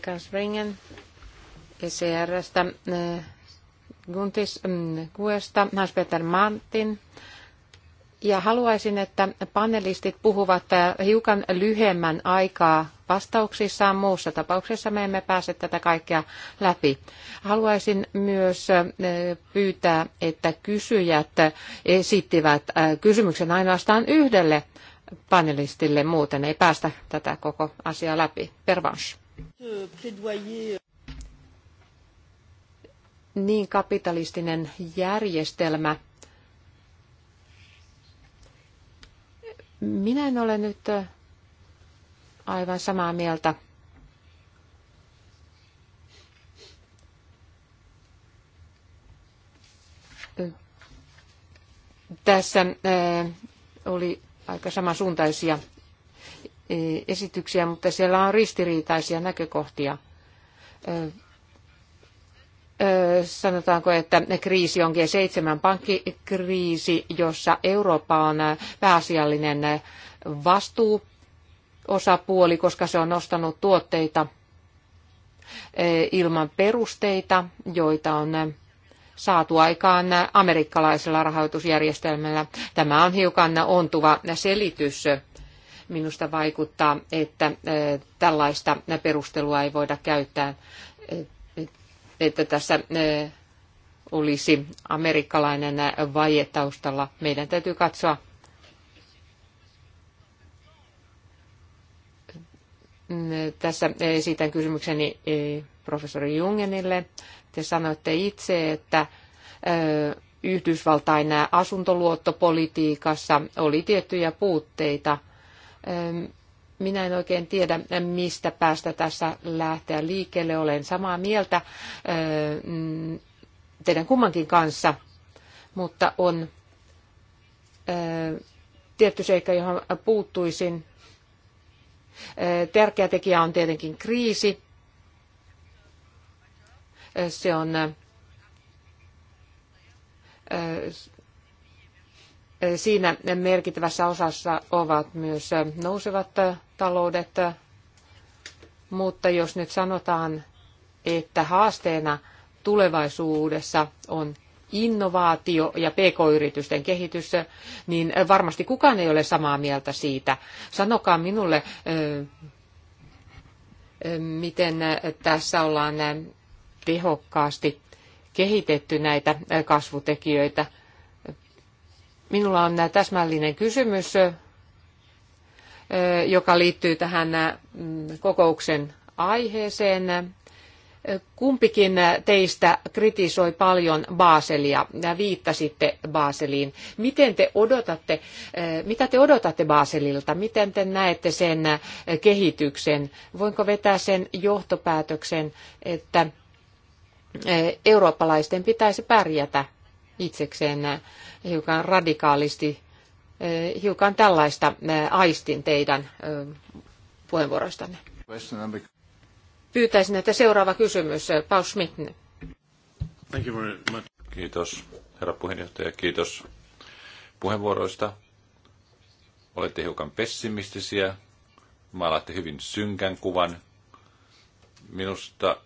Kans Ringen ECRstä, e, Guntis Kuesta, mm, Hans-Peter Mantin. Ja haluaisin, että panelistit puhuvat e, hiukan lyhyemmän aikaa vastauksissaan. Muussa tapauksessa me emme pääse tätä kaikkea läpi. Haluaisin myös e, pyytää, että kysyjät esittivät kysymyksen ainoastaan yhdelle panelistille. Muuten ei päästä tätä koko asiaa läpi. Pervans niin kapitalistinen järjestelmä. Minä en ole nyt aivan samaa mieltä. Tässä oli aika samansuuntaisia esityksiä, mutta siellä on ristiriitaisia näkökohtia sanotaanko, että kriisi on G7 pankkikriisi, jossa Eurooppa on pääasiallinen vastuuosapuoli, koska se on nostanut tuotteita ilman perusteita, joita on saatu aikaan amerikkalaisella rahoitusjärjestelmällä. Tämä on hiukan ontuva selitys. Minusta vaikuttaa, että tällaista perustelua ei voida käyttää että tässä olisi amerikkalainen vaje taustalla. Meidän täytyy katsoa Tässä esitän kysymykseni professori Jungenille. Te sanoitte itse, että Yhdysvaltain asuntoluottopolitiikassa oli tiettyjä puutteita. Minä en oikein tiedä, mistä päästä tässä lähteä liikkeelle. Olen samaa mieltä teidän kummankin kanssa, mutta on tietty seikka, johon puuttuisin. Tärkeä tekijä on tietenkin kriisi. Se on siinä merkittävässä osassa ovat myös nousevat taloudet, mutta jos nyt sanotaan, että haasteena tulevaisuudessa on innovaatio ja pk-yritysten kehitys, niin varmasti kukaan ei ole samaa mieltä siitä. Sanokaa minulle, miten tässä ollaan tehokkaasti kehitetty näitä kasvutekijöitä. Minulla on täsmällinen kysymys joka liittyy tähän kokouksen aiheeseen. Kumpikin teistä kritisoi paljon Baselia ja viittasitte Baseliin. Miten te odotatte, mitä te odotatte Baselilta? Miten te näette sen kehityksen? Voinko vetää sen johtopäätöksen, että eurooppalaisten pitäisi pärjätä itsekseen hiukan radikaalisti Eh, hiukan tällaista eh, aistin teidän eh, puheenvuoroistanne. Pyytäisin, että seuraava kysymys, Paul Schmidt. Kiitos, herra puheenjohtaja. Kiitos puheenvuoroista. Olette hiukan pessimistisiä. Maalaatte hyvin synkän kuvan. Minusta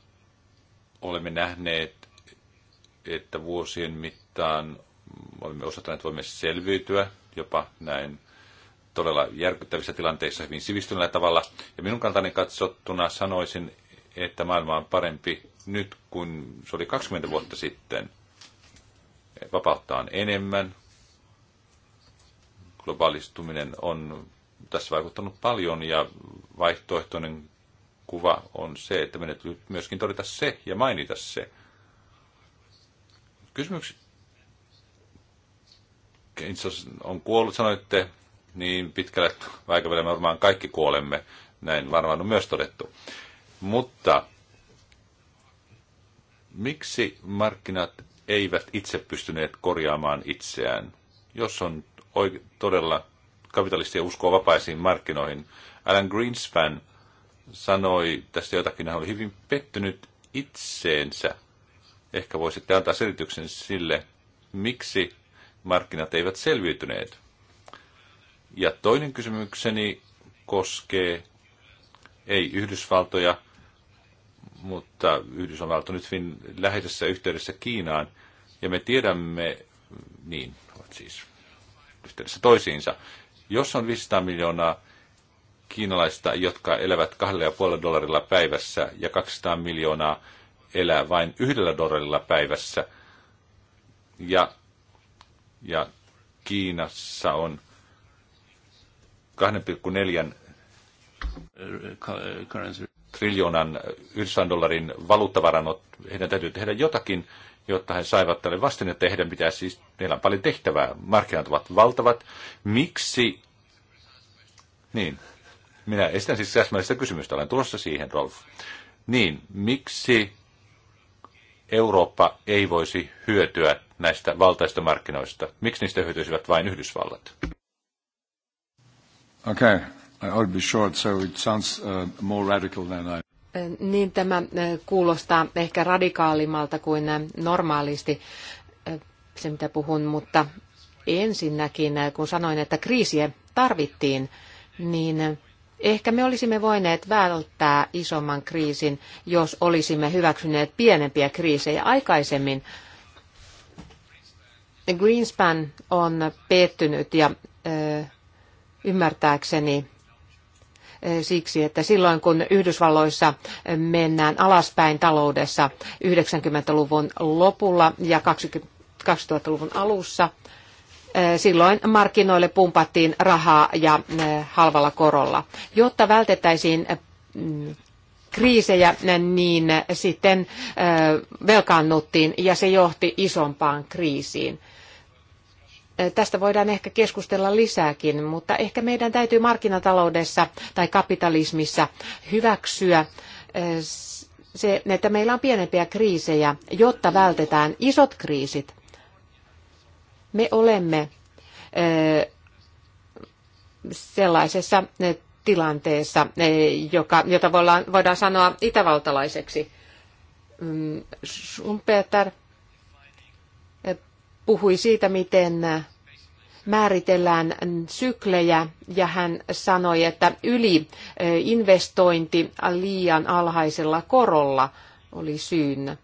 olemme nähneet, että vuosien mittaan olemme osoittaneet, että voimme selviytyä jopa näin todella järkyttävissä tilanteissa hyvin sivistyneellä tavalla. Ja minun kantani katsottuna sanoisin, että maailma on parempi nyt kuin se oli 20 vuotta sitten. Vapautta on enemmän. Globaalistuminen on tässä vaikuttanut paljon ja vaihtoehtoinen kuva on se, että meidän myöskin todeta se ja mainita se. Kysymykset Keynes on kuollut, sanoitte, niin pitkälle aikavälillä varmaan kaikki kuolemme. Näin varmaan on myös todettu. Mutta miksi markkinat eivät itse pystyneet korjaamaan itseään? Jos on oike- todella kapitalistia uskoa vapaisiin markkinoihin, Alan Greenspan sanoi tästä jotakin, hän oli hyvin pettynyt itseensä. Ehkä voisitte antaa selityksen sille, miksi markkinat eivät selviytyneet. Ja toinen kysymykseni koskee ei Yhdysvaltoja, mutta Yhdysvalto nyt hyvin läheisessä yhteydessä Kiinaan, ja me tiedämme, niin, ovat siis yhteydessä toisiinsa. Jos on 500 miljoonaa kiinalaista, jotka elävät 2,5 dollarilla päivässä, ja 200 miljoonaa elää vain yhdellä dollarilla päivässä, ja ja Kiinassa on 2,4 triljoonan Yhdysvallan dollarin valuuttavarannot. Heidän täytyy tehdä jotakin, jotta he saivat tälle vastinetta. tehdä, pitää siis, heillä on paljon tehtävää. Markkinat ovat valtavat. Miksi? Niin. Minä esitän siis täsmällistä kysymystä. Olen tulossa siihen, Rolf. Niin, miksi Eurooppa ei voisi hyötyä näistä valtaista markkinoista? Miksi niistä hyötyisivät vain Yhdysvallat? Okay, I'll be short, so it sounds uh, more radical than I... Niin tämä kuulostaa ehkä radikaalimmalta kuin normaalisti se, mitä puhun, mutta ensinnäkin kun sanoin, että kriisiä tarvittiin, niin Ehkä me olisimme voineet välttää isomman kriisin, jos olisimme hyväksyneet pienempiä kriisejä aikaisemmin. Greenspan on pettynyt ja ymmärtääkseni siksi, että silloin kun Yhdysvalloissa mennään alaspäin taloudessa 90-luvun lopulla ja 20 2000-luvun alussa – silloin markkinoille pumpattiin rahaa ja halvalla korolla. Jotta vältettäisiin kriisejä, niin sitten velkaannuttiin ja se johti isompaan kriisiin. Tästä voidaan ehkä keskustella lisääkin, mutta ehkä meidän täytyy markkinataloudessa tai kapitalismissa hyväksyä se, että meillä on pienempiä kriisejä, jotta vältetään isot kriisit me olemme sellaisessa tilanteessa, joka, jota voidaan, voidaan sanoa itävaltalaiseksi. Mm, Schumpeter puhui siitä, miten määritellään syklejä ja hän sanoi, että yliinvestointi liian alhaisella korolla oli syynä.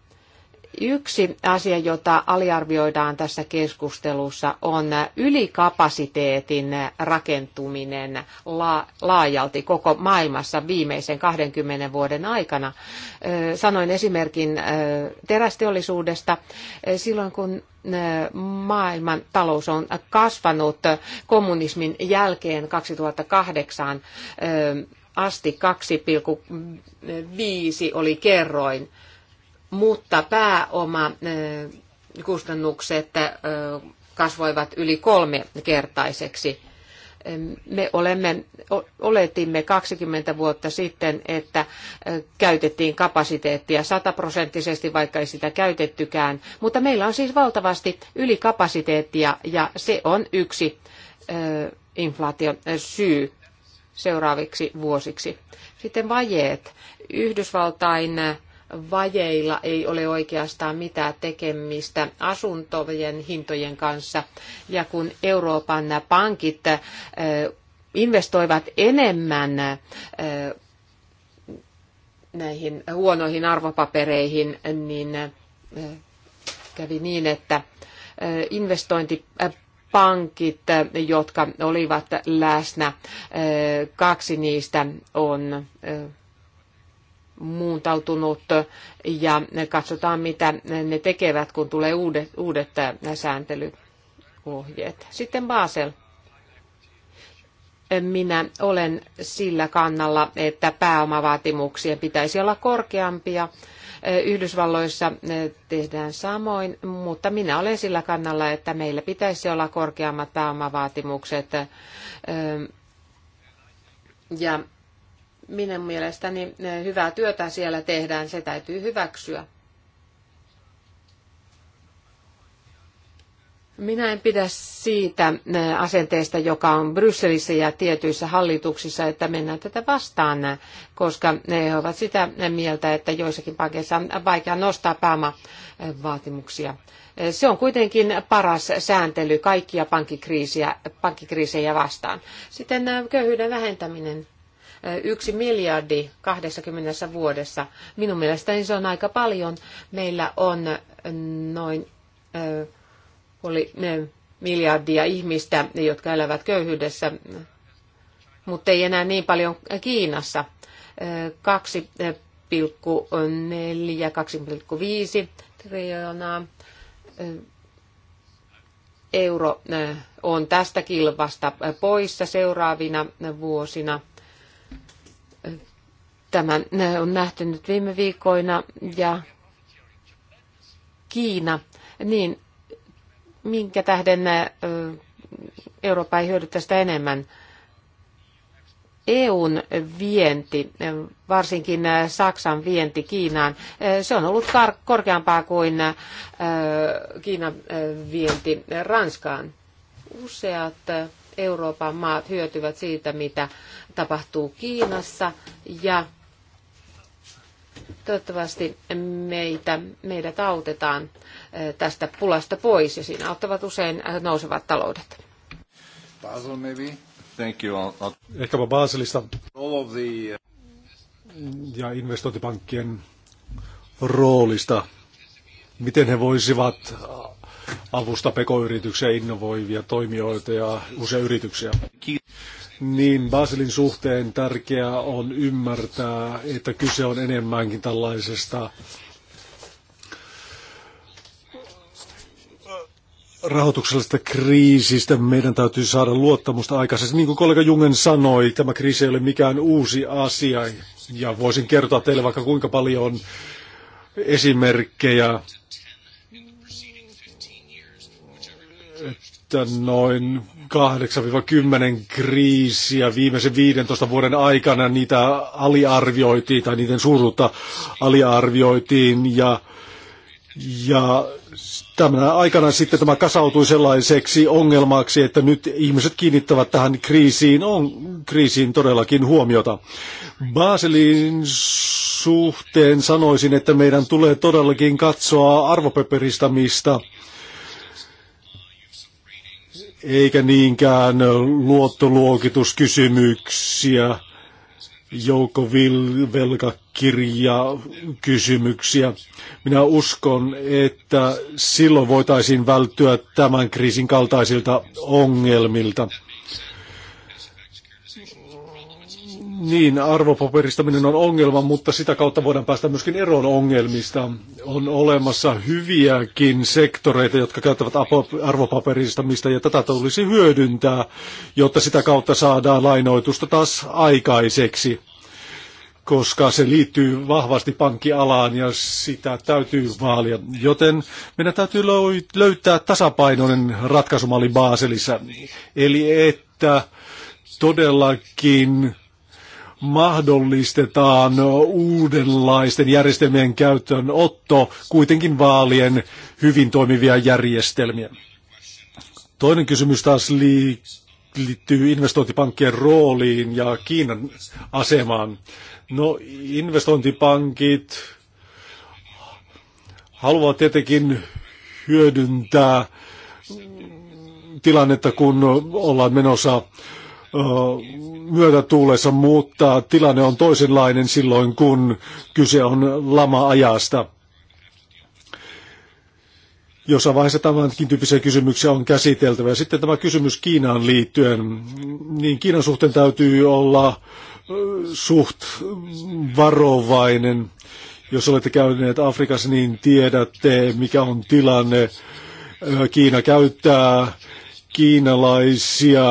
Yksi asia, jota aliarvioidaan tässä keskustelussa, on ylikapasiteetin rakentuminen laajalti koko maailmassa viimeisen 20 vuoden aikana. Sanoin esimerkin terästeollisuudesta. Silloin kun maailman talous on kasvanut kommunismin jälkeen 2008 asti 2,5 oli kerroin mutta pääoma kustannukset kasvoivat yli kolme kertaiseksi. Me olemme, oletimme 20 vuotta sitten, että käytettiin kapasiteettia sataprosenttisesti, vaikka ei sitä käytettykään, mutta meillä on siis valtavasti ylikapasiteettia ja se on yksi inflaation syy seuraaviksi vuosiksi. Sitten vajeet. Yhdysvaltain vajeilla ei ole oikeastaan mitään tekemistä asuntojen hintojen kanssa. Ja kun Euroopan pankit investoivat enemmän näihin huonoihin arvopapereihin, niin kävi niin, että investointipankit, jotka olivat läsnä, kaksi niistä on muuntautunut ja katsotaan, mitä ne tekevät, kun tulee uudet, uudet sääntelyohjeet. Sitten Basel. Minä olen sillä kannalla, että pääomavaatimuksien pitäisi olla korkeampia. Yhdysvalloissa tehdään samoin, mutta minä olen sillä kannalla, että meillä pitäisi olla korkeammat pääomavaatimukset. Ja minun mielestäni eh, hyvää työtä siellä tehdään, se täytyy hyväksyä. Minä en pidä siitä eh, asenteesta, joka on Brysselissä ja tietyissä hallituksissa, että mennään tätä vastaan, koska ne ovat sitä mieltä, että joissakin pankeissa on vaikea nostaa pääomavaatimuksia. Eh, se on kuitenkin paras sääntely kaikkia pankkikriisejä vastaan. Sitten köyhyyden vähentäminen yksi miljardi 20 vuodessa. Minun mielestäni se on aika paljon. Meillä on noin puoli miljardia ihmistä, jotka elävät köyhyydessä, mutta ei enää niin paljon Kiinassa. 2,4-2,5 triljoonaa euro on tästä kilvasta poissa seuraavina vuosina – Tämä on nähty nyt viime viikoina ja Kiina, niin minkä tähden Eurooppa ei hyödy tästä enemmän? EUn vienti, varsinkin Saksan vienti Kiinaan, se on ollut korkeampaa kuin Kiinan vienti Ranskaan. Useat Euroopan maat hyötyvät siitä, mitä tapahtuu Kiinassa ja Toivottavasti meitä, meidät autetaan eh, tästä pulasta pois ja siinä auttavat usein eh, nousevat taloudet. Basel maybe. Thank you. Ehkäpä Baselista. All of the... Eh, ja investointipankkien roolista. Miten he voisivat avusta pekoyrityksiä, innovoivia toimijoita ja uusia yrityksiä niin Baselin suhteen tärkeää on ymmärtää, että kyse on enemmänkin tällaisesta äh, rahoituksellisesta kriisistä. Meidän täytyy saada luottamusta aikaisesti. Niin kuin kollega Jungen sanoi, tämä kriisi ei ole mikään uusi asia. Ja voisin kertoa teille vaikka kuinka paljon esimerkkejä että noin 8-10 kriisiä viimeisen 15 vuoden aikana niitä aliarvioitiin tai niiden suuruutta aliarvioitiin ja, ja tämän aikana sitten tämä kasautui sellaiseksi ongelmaksi, että nyt ihmiset kiinnittävät tähän kriisiin, on, kriisiin todellakin huomiota. Baselin suhteen sanoisin, että meidän tulee todellakin katsoa arvopaperistamista mistä eikä niinkään luottoluokituskysymyksiä, kysymyksiä. Minä uskon, että silloin voitaisiin välttyä tämän kriisin kaltaisilta ongelmilta. Niin, arvopaperistaminen on ongelma, mutta sitä kautta voidaan päästä myöskin eroon ongelmista. On olemassa hyviäkin sektoreita, jotka käyttävät arvopaperistamista, ja tätä tulisi hyödyntää, jotta sitä kautta saadaan lainoitusta taas aikaiseksi, koska se liittyy vahvasti pankkialaan ja sitä täytyy vaalia. Joten meidän täytyy löytää tasapainoinen ratkaisumalli baselissa, eli että todellakin mahdollistetaan uudenlaisten järjestelmien käyttöönotto, kuitenkin vaalien hyvin toimivia järjestelmiä. Toinen kysymys taas liittyy investointipankkien rooliin ja Kiinan asemaan. No, investointipankit haluavat tietenkin hyödyntää tilannetta, kun ollaan menossa myötätuulessa, mutta tilanne on toisenlainen silloin, kun kyse on lama-ajasta. Jossain vaiheessa tämänkin tyyppisiä kysymyksiä on käsiteltävä. Ja sitten tämä kysymys Kiinaan liittyen, niin Kiinan suhteen täytyy olla suht varovainen. Jos olette käyneet Afrikassa, niin tiedätte, mikä on tilanne. Kiina käyttää kiinalaisia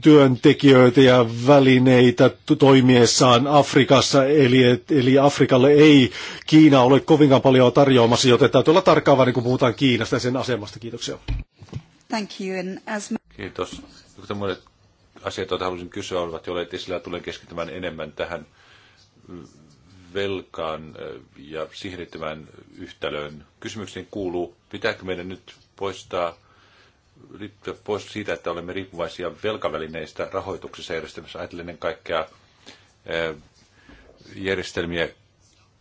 työntekijöitä ja välineitä toimiessaan Afrikassa, eli, eli Afrikalle ei Kiina ole kovinkaan paljon tarjoamassa, joten täytyy olla tarkkaavainen, niin kun puhutaan Kiinasta ja sen asemasta. Kiitoksia. Thank you. And as... Kiitos. Tällaiset asiat, joita haluaisin kysyä, olivat jo esillä, tulen keskittymään enemmän tähän velkaan ja siihen liittyvään yhtälöön. Kysymykseni kuuluu, pitääkö meidän nyt poistaa pois siitä, että olemme riippuvaisia velkavälineistä rahoituksessa järjestelmässä. Ajattelen ennen kaikkea eh, järjestelmiä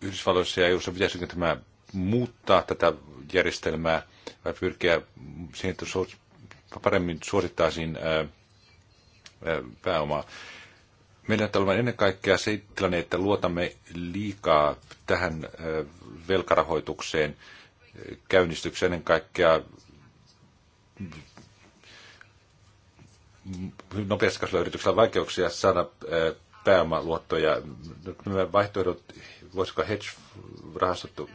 Yhdysvalloissa ja EU-ssa. Pitäisikö tämä muuttaa tätä järjestelmää vai pyrkiä siihen, että paremmin suosittaisiin eh, eh, pääomaa. Meillä on olevan ennen kaikkea se tilanne, että luotamme liikaa tähän velkarahoitukseen, käynnistykseen ennen kaikkea nopeasti kasvavilla vaikeuksia saada eh, pääomaluottoja. Nämä vaihtoehdot, voisiko hedge-rahastot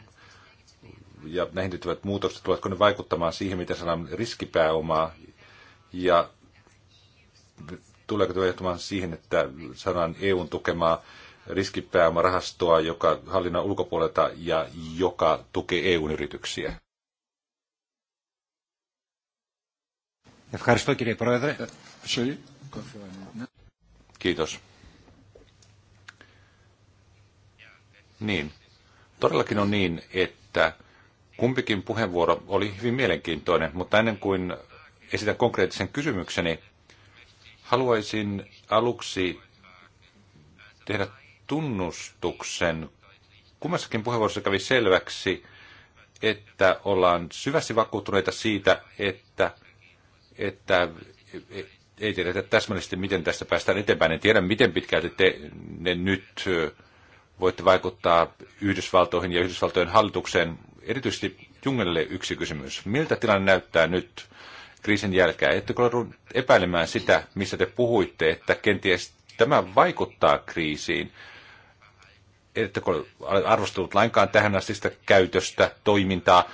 ja näihin liittyvät muutokset, tulevatko ne vaikuttamaan siihen, miten saadaan riskipääomaa ja tuleeko johtamaan siihen, että saadaan EUn tukemaa riskipääomarahastoa, joka hallinnan ulkopuolelta ja joka tukee EUn yrityksiä? Ευχαριστώ κύριε Πρόεδρε. Kiitos. Niin, todellakin on niin, että kumpikin puheenvuoro oli hyvin mielenkiintoinen, mutta ennen kuin esitän konkreettisen kysymykseni, haluaisin aluksi tehdä tunnustuksen. Kummassakin puheenvuorossa kävi selväksi, että ollaan syvästi vakuuttuneita siitä, että että ei tiedetä täsmällisesti, miten tästä päästään eteenpäin. En tiedä, miten pitkälti te ne nyt voitte vaikuttaa Yhdysvaltoihin ja Yhdysvaltojen hallitukseen. Erityisesti Jungelle yksi kysymys. Miltä tilanne näyttää nyt kriisin jälkeen? Ettekö ole epäilemään sitä, missä te puhuitte, että kenties tämä vaikuttaa kriisiin? Ettekö ole arvostellut lainkaan tähän asti sitä käytöstä, toimintaa?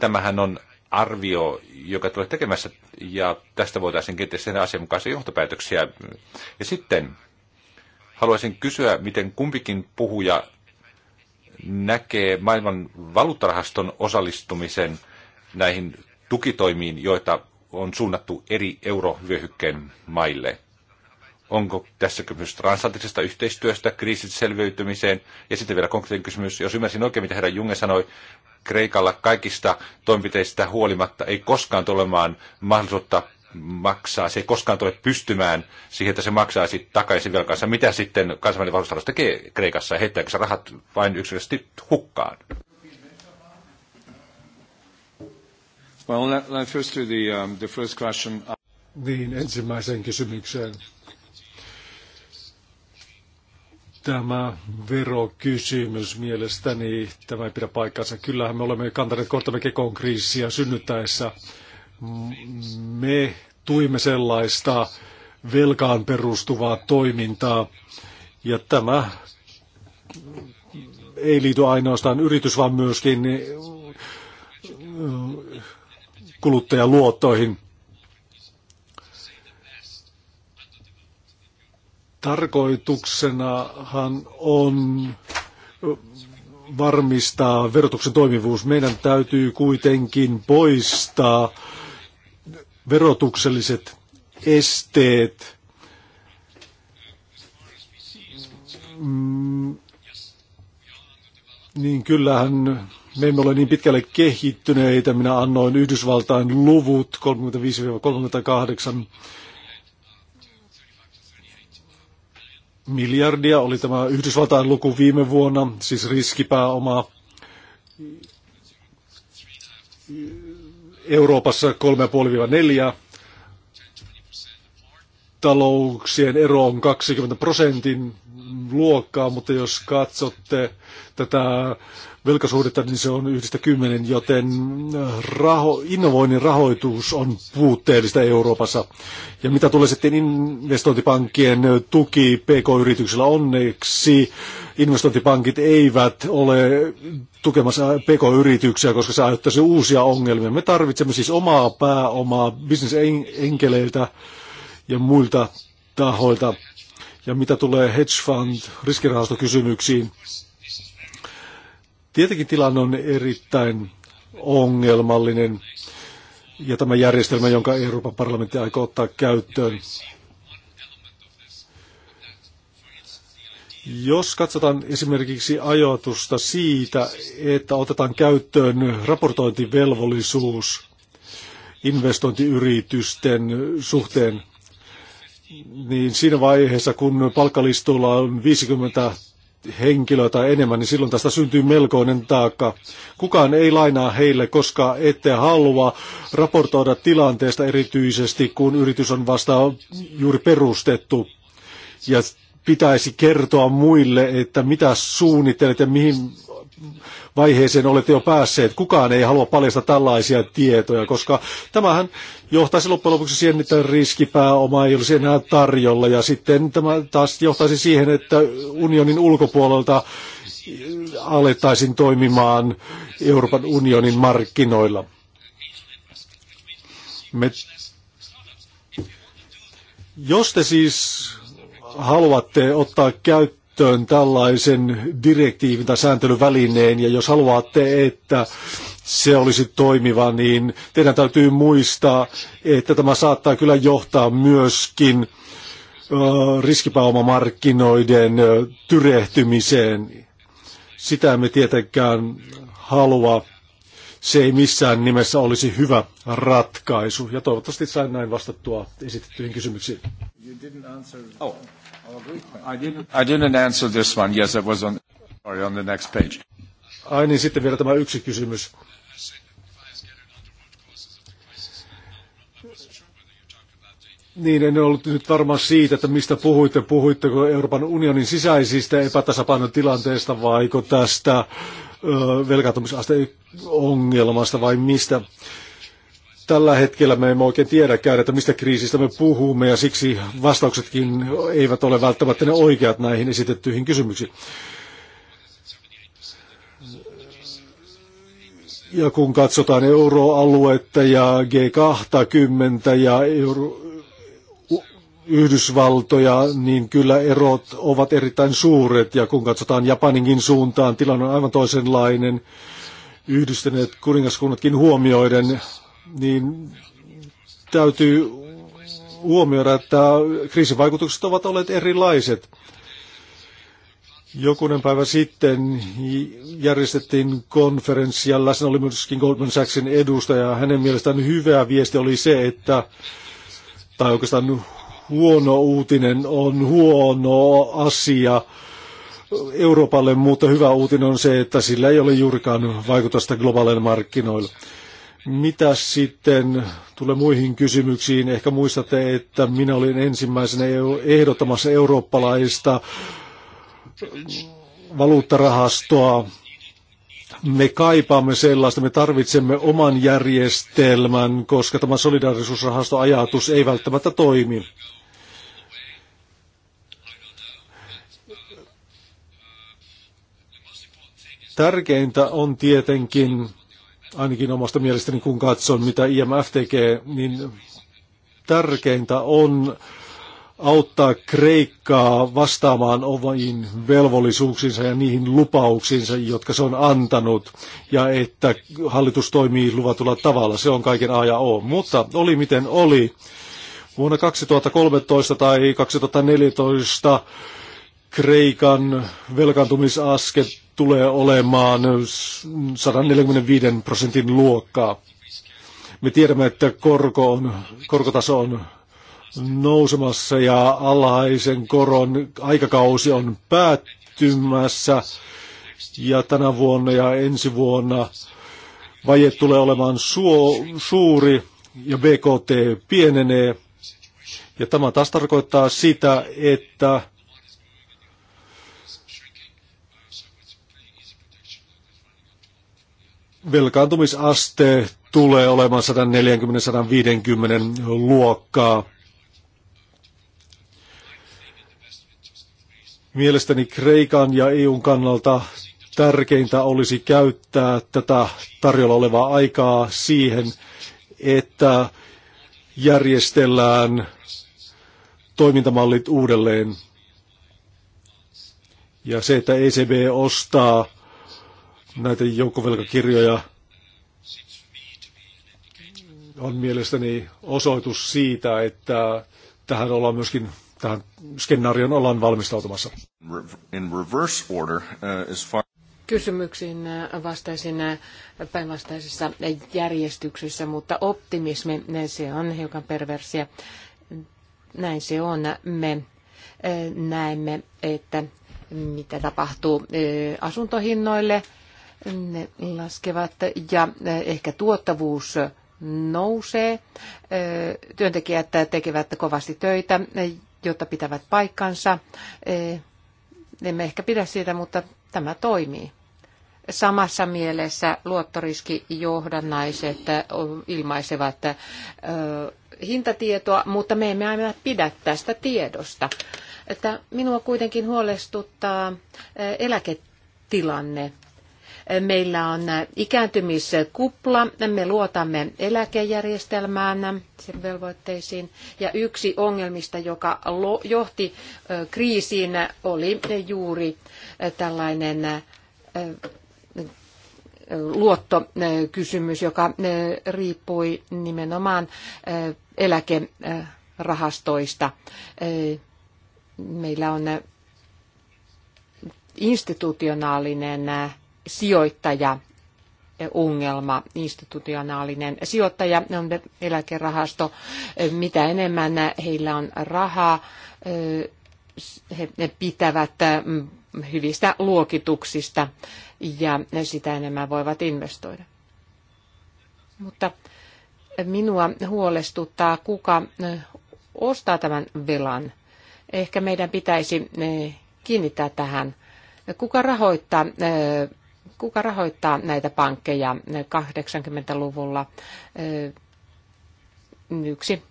Tämähän on arvio, joka tulee tekemässä, ja tästä voitaisiin kenties tehdä asianmukaisia johtopäätöksiä. Ja sitten haluaisin kysyä, miten kumpikin puhuja näkee maailman valuuttarahaston osallistumisen näihin tukitoimiin, joita on suunnattu eri eurovyöhykkeen maille. Onko tässä kysymys transatlantisesta yhteistyöstä, kriisit selviytymiseen? Ja sitten vielä konkreettinen kysymys, jos ymmärsin oikein, mitä herra Junge sanoi, Kreikalla kaikista toimenpiteistä huolimatta ei koskaan tule olemaan mahdollisuutta maksaa, se ei koskaan tule pystymään siihen, että se maksaisi takaisin velkansa. Mitä sitten kansainvälinen valuuttalous tekee Kreikassa? Heittääkö se rahat vain yksinkertaisesti hukkaan? Well, first to the, um, the first question. Niin, ensimmäiseen kysymykseen tämä verokysymys mielestäni, tämä ei pidä paikkaansa. Kyllähän me olemme kantaneet kohtamme kekon kriisiä synnyttäessä. Me tuimme sellaista velkaan perustuvaa toimintaa, ja tämä ei liity ainoastaan yritys, vaan myöskin kuluttajaluottoihin. tarkoituksenahan on varmistaa verotuksen toimivuus. Meidän täytyy kuitenkin poistaa verotukselliset esteet. Mm, niin kyllähän me emme ole niin pitkälle kehittyneitä. Minä annoin Yhdysvaltain luvut 35-38 miljardia oli tämä Yhdysvaltain luku viime vuonna, siis riskipääoma. Euroopassa 3,5-4. Talouksien ero on 20 prosentin luokkaa, mutta jos katsotte tätä velkasuhdetta, niin se on yhdestä kymmenen, joten raho, innovoinnin rahoitus on puutteellista Euroopassa. Ja mitä tulee sitten investointipankkien tuki PK-yrityksillä, onneksi investointipankit eivät ole tukemassa PK-yrityksiä, koska se aiheuttaisi uusia ongelmia. Me tarvitsemme siis omaa pääomaa bisnesenkeleiltä ja muilta tahoilta. Ja mitä tulee hedge fund riskirahastokysymyksiin, Tietenkin tilanne on erittäin ongelmallinen ja tämä järjestelmä, jonka Euroopan parlamentti aikoo ottaa käyttöön. Jos katsotaan esimerkiksi ajoitusta siitä, että otetaan käyttöön raportointivelvollisuus investointiyritysten suhteen, niin siinä vaiheessa, kun palkkalistulla on 50 henkilöä tai enemmän, niin silloin tästä syntyy melkoinen taakka. Kukaan ei lainaa heille, koska ette halua raportoida tilanteesta erityisesti, kun yritys on vasta juuri perustettu. Ja pitäisi kertoa muille, että mitä suunnittelet ja mihin vaiheeseen olette jo päässeet. Kukaan ei halua paljastaa tällaisia tietoja, koska tämähän johtaisi loppujen lopuksi siihen, että riskipääoma ei olisi enää tarjolla ja sitten tämä taas johtaisi siihen, että unionin ulkopuolelta alettaisiin toimimaan Euroopan unionin markkinoilla. Me... Jos te siis haluatte ottaa käyttöön käyttöön tällaisen direktiivin tai sääntelyvälineen, ja jos haluatte, että se olisi toimiva, niin teidän täytyy muistaa, että tämä saattaa kyllä johtaa myöskin riskipääomamarkkinoiden tyrehtymiseen. Sitä emme tietenkään halua. Se ei missään nimessä olisi hyvä ratkaisu. Ja toivottavasti sain näin vastattua esitettyihin kysymyksiin. Oh. I didn't, I didn't answer this one. Yes, it was on, sorry, on the next page. Ai niin, sitten vielä tämä yksi kysymys. Niin, en ollut nyt varma siitä, että mistä puhuitte. Puhuitteko Euroopan unionin sisäisistä epätasapainotilanteista vaiko tästä ö, velkaantumisasteongelmasta vai mistä? tällä hetkellä me emme oikein tiedäkään, että mistä kriisistä me puhumme ja siksi vastauksetkin eivät ole välttämättä ne oikeat näihin esitettyihin kysymyksiin. Ja kun katsotaan euroaluetta ja G20 ja euro, Yhdysvaltoja, niin kyllä erot ovat erittäin suuret. Ja kun katsotaan Japaninkin suuntaan, tilanne on aivan toisenlainen. Yhdistyneet kuningaskunnatkin huomioiden niin täytyy huomioida, että kriisivaikutukset ovat olleet erilaiset. Jokunen päivä sitten järjestettiin konferenssi ja läsnä oli myöskin Goldman Sachsin edustaja. Hänen mielestään hyvä viesti oli se, että, tai oikeastaan huono uutinen on huono asia Euroopalle, mutta hyvä uutinen on se, että sillä ei ole juurikaan vaikutusta globaaleille markkinoille. Mitä sitten tulee muihin kysymyksiin? Ehkä muistatte, että minä olin ensimmäisenä ehdottamassa eurooppalaista valuuttarahastoa. Me kaipaamme sellaista, me tarvitsemme oman järjestelmän, koska tämä solidaarisuusrahastoajatus ei välttämättä toimi. Tärkeintä on tietenkin ainakin omasta mielestäni kun katson, mitä IMF tekee, niin tärkeintä on auttaa Kreikkaa vastaamaan omiin velvollisuuksiinsa ja niihin lupauksiinsa, jotka se on antanut, ja että hallitus toimii luvatulla tavalla. Se on kaiken A ja O. Mutta oli miten oli. Vuonna 2013 tai 2014 Kreikan velkaantumisaske tulee olemaan 145 prosentin luokkaa. Me tiedämme, että korko on, korkotaso on nousemassa ja alhaisen koron aikakausi on päättymässä ja tänä vuonna ja ensi vuonna vaje tulee olemaan suo, suuri ja BKT pienenee. Ja tämä taas tarkoittaa sitä, että velkaantumisaste tulee olemaan 140-150 luokkaa. Mielestäni Kreikan ja EUn kannalta tärkeintä olisi käyttää tätä tarjolla olevaa aikaa siihen, että järjestellään toimintamallit uudelleen. Ja se, että ECB ostaa näitä joukkovelkakirjoja on mielestäni osoitus siitä, että tähän ollaan myöskin tähän skenaarioon ollaan valmistautumassa. In reverse order, uh, as far... Kysymyksiin uh, vastaisin uh, päinvastaisessa järjestyksessä, mutta optimismi, se on hiukan perversiä. Näin se on. Me uh, näemme, että mitä tapahtuu asuntohinnoille – ne laskevat ja eh, ehkä tuottavuus nousee. Eh, työntekijät tekevät kovasti töitä, eh, jotta pitävät paikkansa. Emme ehkä pidä siitä, mutta tämä toimii. Samassa mielessä luottoriskijohdannaiset ilmaisevat hintatietoa, mutta me emme aina pidä tästä tiedosta. Että minua kuitenkin huolestuttaa eläketilanne Meillä on ikääntymiskupla, me luotamme eläkejärjestelmään, sen velvoitteisiin. Ja yksi ongelmista, joka johti kriisiin, oli juuri tällainen luottokysymys, joka riippui nimenomaan eläkerahastoista. Meillä on institutionaalinen sijoittaja eh, ongelma, institutionaalinen sijoittaja, on eläkerahasto. Eh, mitä enemmän heillä on rahaa, eh, he pitävät mm, hyvistä luokituksista ja sitä enemmän voivat investoida. Mutta minua huolestuttaa, kuka ostaa tämän velan. Ehkä meidän pitäisi kiinnittää tähän, kuka rahoittaa kuka rahoittaa näitä pankkeja 80-luvulla? Eh, yksi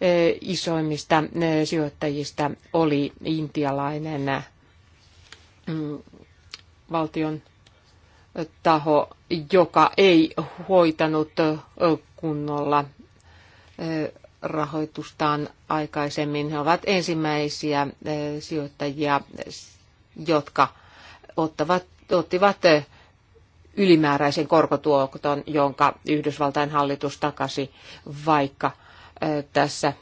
eh, isoimmista eh, sijoittajista oli intialainen mm, valtion taho, joka ei hoitanut kunnolla rahoitustaan aikaisemmin. He ovat ensimmäisiä sijoittajia, jotka ottavat, ottivat ylimääräisen korkotuoton, jonka Yhdysvaltain hallitus takasi, vaikka tässä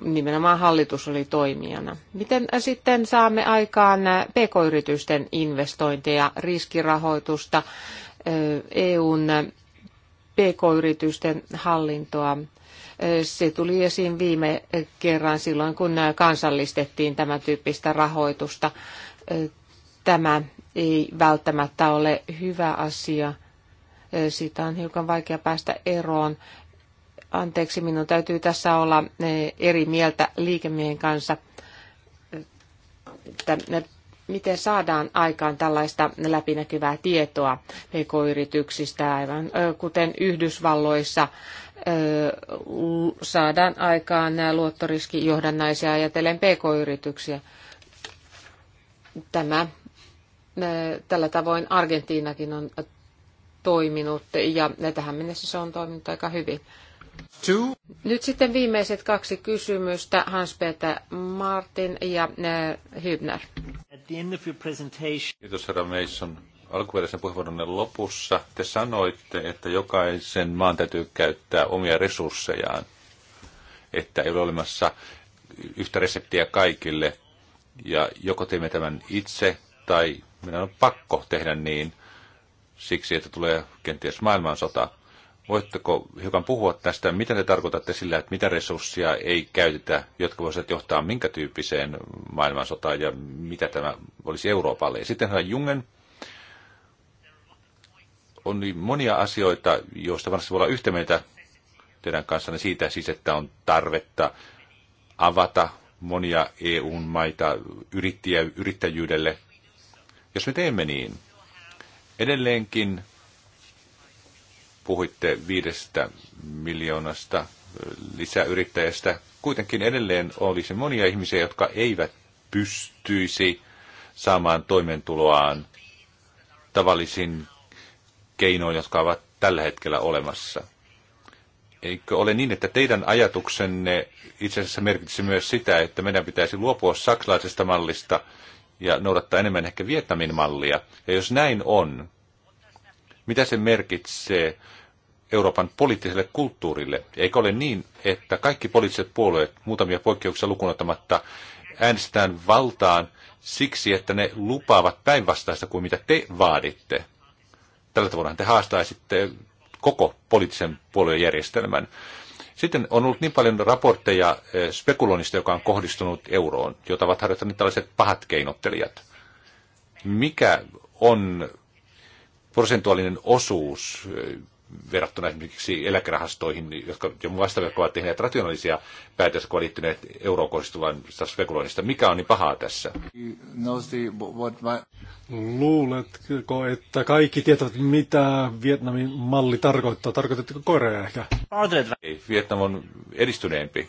nimenomaan hallitus oli toimijana. Miten sitten saamme aikaan pk-yritysten investointeja, riskirahoitusta, EUn pk-yritysten hallintoa? Se tuli esiin viime kerran silloin, kun kansallistettiin tämän tyyppistä rahoitusta tämä ei välttämättä ole hyvä asia. Siitä on hiukan vaikea päästä eroon. Anteeksi, minun täytyy tässä olla eri mieltä liikemiehen kanssa, että miten saadaan aikaan tällaista läpinäkyvää tietoa pk-yrityksistä, aivan kuten Yhdysvalloissa saadaan aikaan nämä luottoriskijohdannaisia ajatellen pk-yrityksiä. Tämä Tällä tavoin Argentiinakin on toiminut ja tähän mennessä se on toiminut aika hyvin. Two. Nyt sitten viimeiset kaksi kysymystä, Hans-Peter Martin ja Hübner. Kiitos herra Mason. Alkuperäisen puheenvuoron lopussa te sanoitte, että jokaisen maan täytyy käyttää omia resurssejaan, että ei ole olemassa yhtä reseptiä kaikille, ja joko teemme tämän itse tai minä on pakko tehdä niin siksi, että tulee kenties maailmansota. Voitteko hiukan puhua tästä, mitä te tarkoitatte sillä, että mitä resursseja ei käytetä, jotka voisivat johtaa minkä tyyppiseen maailmansotaan ja mitä tämä olisi Euroopalle? Ja sitten hän Jungen, on niin monia asioita, joista varmasti voi olla yhtä mieltä teidän kanssanne siitä siis, että on tarvetta avata monia EU-maita yrittäjyydelle jos me teemme niin, edelleenkin puhuitte viidestä miljoonasta lisäyrittäjästä. Kuitenkin edelleen olisi monia ihmisiä, jotka eivät pystyisi saamaan toimeentuloaan tavallisin keinoin, jotka ovat tällä hetkellä olemassa. Eikö ole niin, että teidän ajatuksenne itse asiassa merkitsi myös sitä, että meidän pitäisi luopua saksalaisesta mallista, ja noudattaa enemmän ehkä Vietnamin mallia. Ja jos näin on, mitä se merkitsee Euroopan poliittiselle kulttuurille? Eikö ole niin, että kaikki poliittiset puolueet, muutamia poikkeuksia lukunottamatta, äänestetään valtaan siksi, että ne lupaavat päinvastaista kuin mitä te vaaditte? Tällä tavalla te haastaisitte koko poliittisen puolueen järjestelmän. Sitten on ollut niin paljon raportteja eh, spekuloinnista, joka on kohdistunut euroon, jota ovat harjoittaneet tällaiset pahat keinottelijat. Mikä on prosentuaalinen osuus eh, verrattuna esimerkiksi eläkerahastoihin, jotka jo vastaavia ovat tehneet rationaalisia päätöksiä, jotka liittyneet eurokohdistuvan spekuloinnista. Mikä on niin pahaa tässä? Luuletko, että kaikki tietävät, mitä Vietnamin malli tarkoittaa? Tarkoitatteko Korea ehkä? Ei, Vietnam on edistyneempi.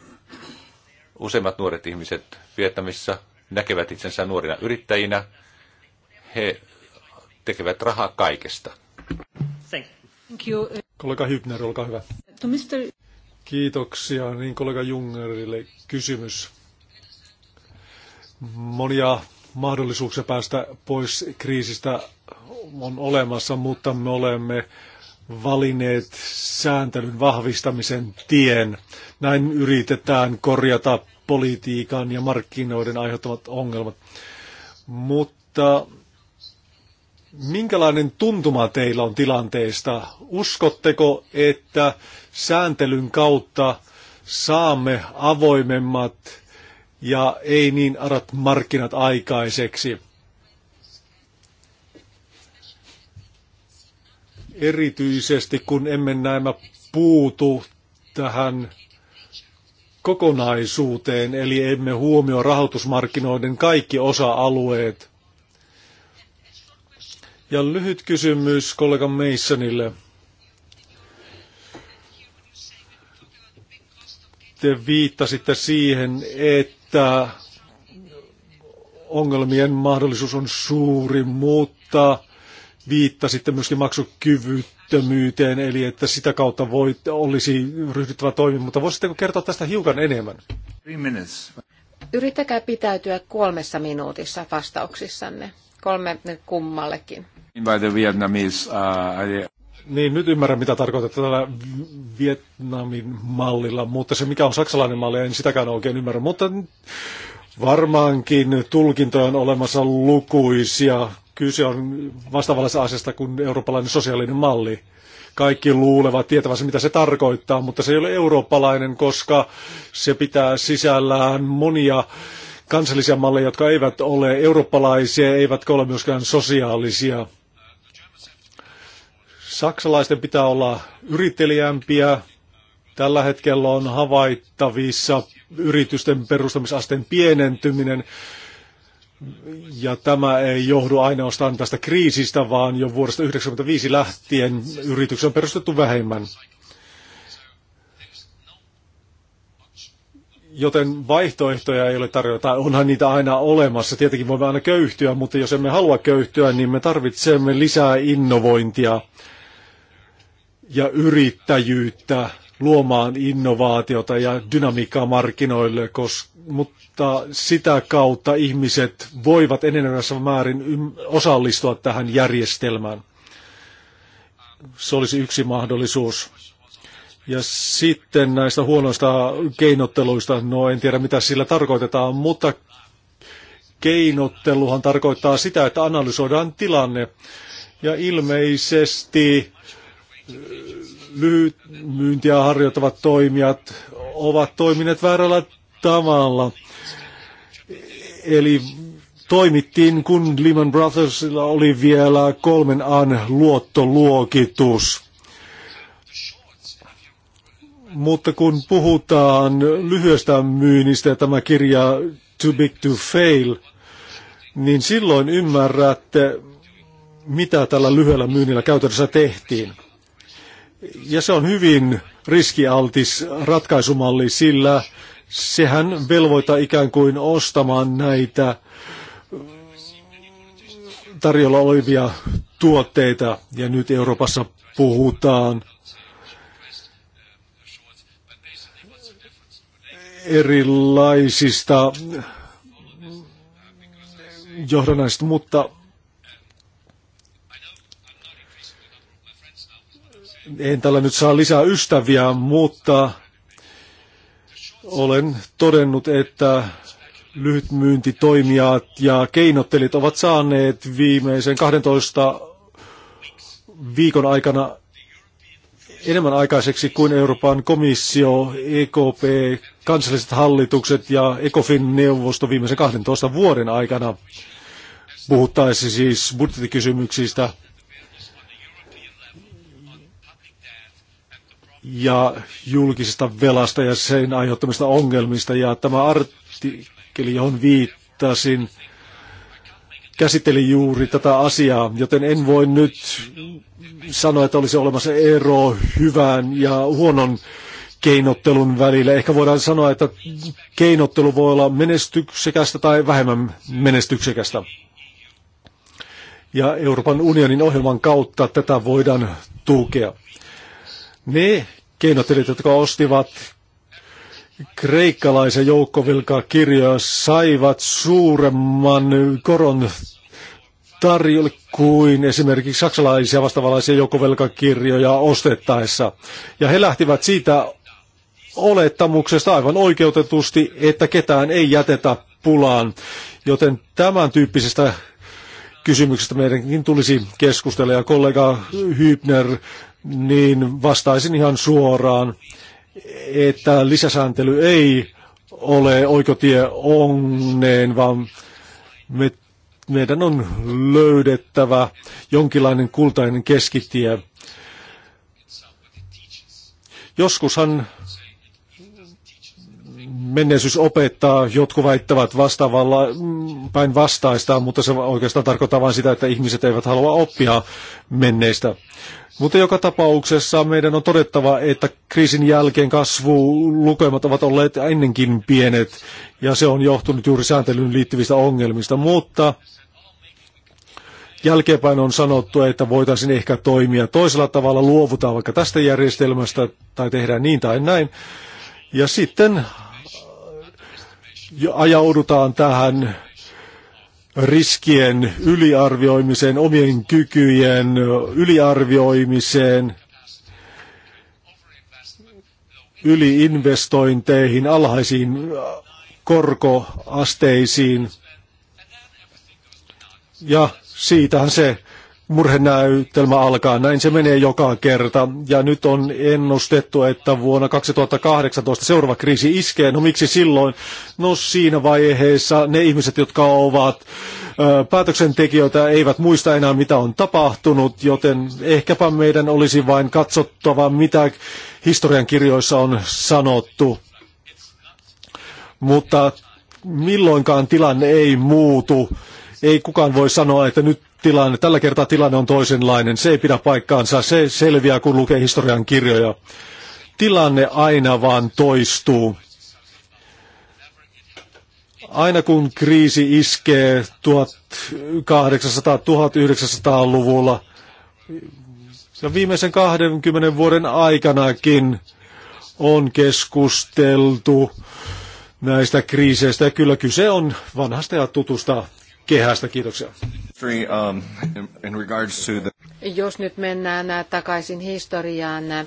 Useimmat nuoret ihmiset Vietnamissa näkevät itsensä nuorina yrittäjinä. He tekevät rahaa kaikesta. Thank you. Thank you. Kollega Hybner, olkaa hyvä. To Mr. Kiitoksia. Niin kollega Jungerille kysymys. Monia mahdollisuuksia päästä pois kriisistä on olemassa, mutta me olemme valineet sääntelyn vahvistamisen tien. Näin yritetään korjata politiikan ja markkinoiden aiheuttamat ongelmat. Mutta Minkälainen tuntuma teillä on tilanteesta? Uskotteko, että sääntelyn kautta saamme avoimemmat ja ei niin arat markkinat aikaiseksi? Erityisesti kun emme näemä puutu tähän kokonaisuuteen, eli emme huomioi rahoitusmarkkinoiden kaikki osa-alueet – ja lyhyt kysymys kollega Masonille. Te viittasitte siihen, että ongelmien mahdollisuus on suuri, mutta viittasitte myöskin maksukyvyttömyyteen, eli että sitä kautta voi, olisi ryhdyttävä toimi, mutta voisitteko kertoa tästä hiukan enemmän? Yrittäkää pitäytyä kolmessa minuutissa vastauksissanne, kolme kummallekin. By the Vietnamese, uh, niin, nyt ymmärrän, mitä tarkoitat tällä Vietnamin mallilla, mutta se mikä on saksalainen malli, en sitäkään oikein ymmärrä. Mutta varmaankin tulkintoja on olemassa lukuisia. Kyse on vastaavallisesta asiasta kuin eurooppalainen sosiaalinen malli. Kaikki luulevat tietävänsä, mitä se tarkoittaa, mutta se ei ole eurooppalainen, koska se pitää sisällään monia kansallisia malleja, jotka eivät ole eurooppalaisia, eivätkä ole myöskään sosiaalisia Saksalaisten pitää olla yrittelijämpiä. Tällä hetkellä on havaittavissa yritysten perustamisasteen pienentyminen. Ja tämä ei johdu ainoastaan tästä kriisistä, vaan jo vuodesta 1995 lähtien yrityksen on perustettu vähemmän. Joten vaihtoehtoja ei ole tarjota, tai onhan niitä aina olemassa. Tietenkin voimme aina köyhtyä, mutta jos emme halua köyhtyä, niin me tarvitsemme lisää innovointia ja yrittäjyyttä luomaan innovaatiota ja dynamiikkaa markkinoille, koska, mutta sitä kautta ihmiset voivat enenevässä määrin osallistua tähän järjestelmään. Se olisi yksi mahdollisuus. Ja sitten näistä huonoista keinotteluista, no en tiedä mitä sillä tarkoitetaan, mutta keinotteluhan tarkoittaa sitä, että analysoidaan tilanne. Ja ilmeisesti myyntiä harjoittavat toimijat ovat toimineet väärällä tavalla. Eli toimittiin, kun Lehman Brothersilla oli vielä kolmen an luottoluokitus. Mutta kun puhutaan lyhyestä myynnistä ja tämä kirja Too Big to Fail, niin silloin ymmärrätte, mitä tällä lyhyellä myynnillä käytännössä tehtiin. Ja se on hyvin riskialtis ratkaisumalli, sillä sehän velvoittaa ikään kuin ostamaan näitä äh, tarjolla olevia tuotteita. Ja nyt Euroopassa puhutaan erilaisista äh, johdannaisista, mutta en tällä nyt saa lisää ystäviä, mutta olen todennut, että lyhytmyyntitoimijat ja keinottelit ovat saaneet viimeisen 12 viikon aikana enemmän aikaiseksi kuin Euroopan komissio, EKP, kansalliset hallitukset ja ECOFIN-neuvosto viimeisen 12 vuoden aikana. Puhuttaisiin siis budjettikysymyksistä ja julkisesta velasta ja sen aiheuttamista ongelmista. Ja tämä artikkeli, johon viittasin, käsitteli juuri tätä asiaa, joten en voi nyt sanoa, että olisi olemassa ero hyvän ja huonon keinottelun välillä. Ehkä voidaan sanoa, että keinottelu voi olla menestyksekästä tai vähemmän menestyksekästä. Ja Euroopan unionin ohjelman kautta tätä voidaan tukea. Ne keinottelijat, jotka ostivat kreikkalaisen kirjoja, saivat suuremman koron tarjolle kuin esimerkiksi saksalaisia vastaavalaisia joukkovelkakirjoja ostettaessa. Ja he lähtivät siitä olettamuksesta aivan oikeutetusti, että ketään ei jätetä pulaan. Joten tämän tyyppisestä kysymyksestä meidänkin tulisi keskustella. Ja kollega Hybner niin vastaisin ihan suoraan, että lisäsääntely ei ole oikotie onneen, vaan me, meidän on löydettävä jonkinlainen kultainen keskitie. Joskushan menneisyys opettaa, jotkut väittävät vastaavalla mm, päin vastaista, mutta se oikeastaan tarkoittaa vain sitä, että ihmiset eivät halua oppia menneistä. Mutta joka tapauksessa meidän on todettava, että kriisin jälkeen kasvulukemat ovat olleet ennenkin pienet, ja se on johtunut juuri sääntelyyn liittyvistä ongelmista, mutta jälkeenpäin on sanottu, että voitaisiin ehkä toimia toisella tavalla, luovutaan vaikka tästä järjestelmästä tai tehdään niin tai näin. Ja sitten ajaudutaan tähän riskien yliarvioimiseen, omien kykyjen yliarvioimiseen, yliinvestointeihin, alhaisiin korkoasteisiin. Ja siitähän se murhenäytelmä alkaa. Näin se menee joka kerta. Ja nyt on ennustettu, että vuonna 2018 seuraava kriisi iskee. No miksi silloin? No siinä vaiheessa ne ihmiset, jotka ovat ö, päätöksentekijöitä, eivät muista enää, mitä on tapahtunut, joten ehkäpä meidän olisi vain katsottava, mitä historian kirjoissa on sanottu. Mutta milloinkaan tilanne ei muutu. Ei kukaan voi sanoa, että nyt tilanne. Tällä kertaa tilanne on toisenlainen. Se ei pidä paikkaansa. Se selviää, kun lukee historian kirjoja. Tilanne aina vaan toistuu. Aina kun kriisi iskee 1800-1900-luvulla ja viimeisen 20 vuoden aikanakin on keskusteltu näistä kriiseistä. Ja kyllä kyse on vanhasta ja tutusta kehästä. Kiitoksia. Um, Jos nyt mennään äh, takaisin historiaan, äh,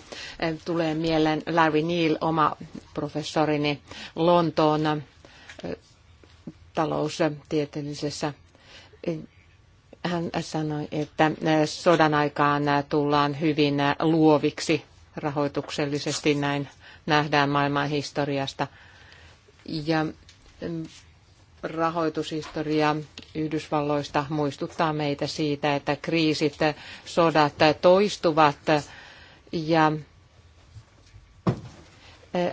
tulee mieleen Larry Neal, oma professorini Lontoon äh, taloustieteellisessä. Hän sanoi, että sodan aikaan tullaan hyvin luoviksi rahoituksellisesti, näin nähdään maailman historiasta. Ja mm, rahoitushistoria Yhdysvalloista muistuttaa meitä siitä, että kriisit, sodat toistuvat ja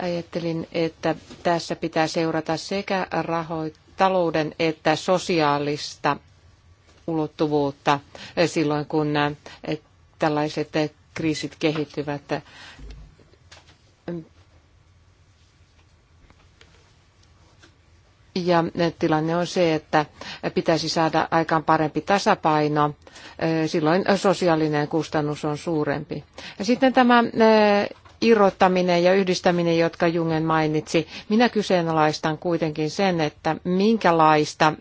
ajattelin, että tässä pitää seurata sekä rahoit- talouden että sosiaalista ulottuvuutta silloin, kun tällaiset kriisit kehittyvät. Ja eh, tilanne on se, että pitäisi saada aikaan parempi tasapaino, eh, silloin sosiaalinen kustannus on suurempi. Ja sitten tämä eh, irrottaminen ja yhdistäminen, jotka Jungen mainitsi. Minä kyseenalaistan kuitenkin sen, että minkälaista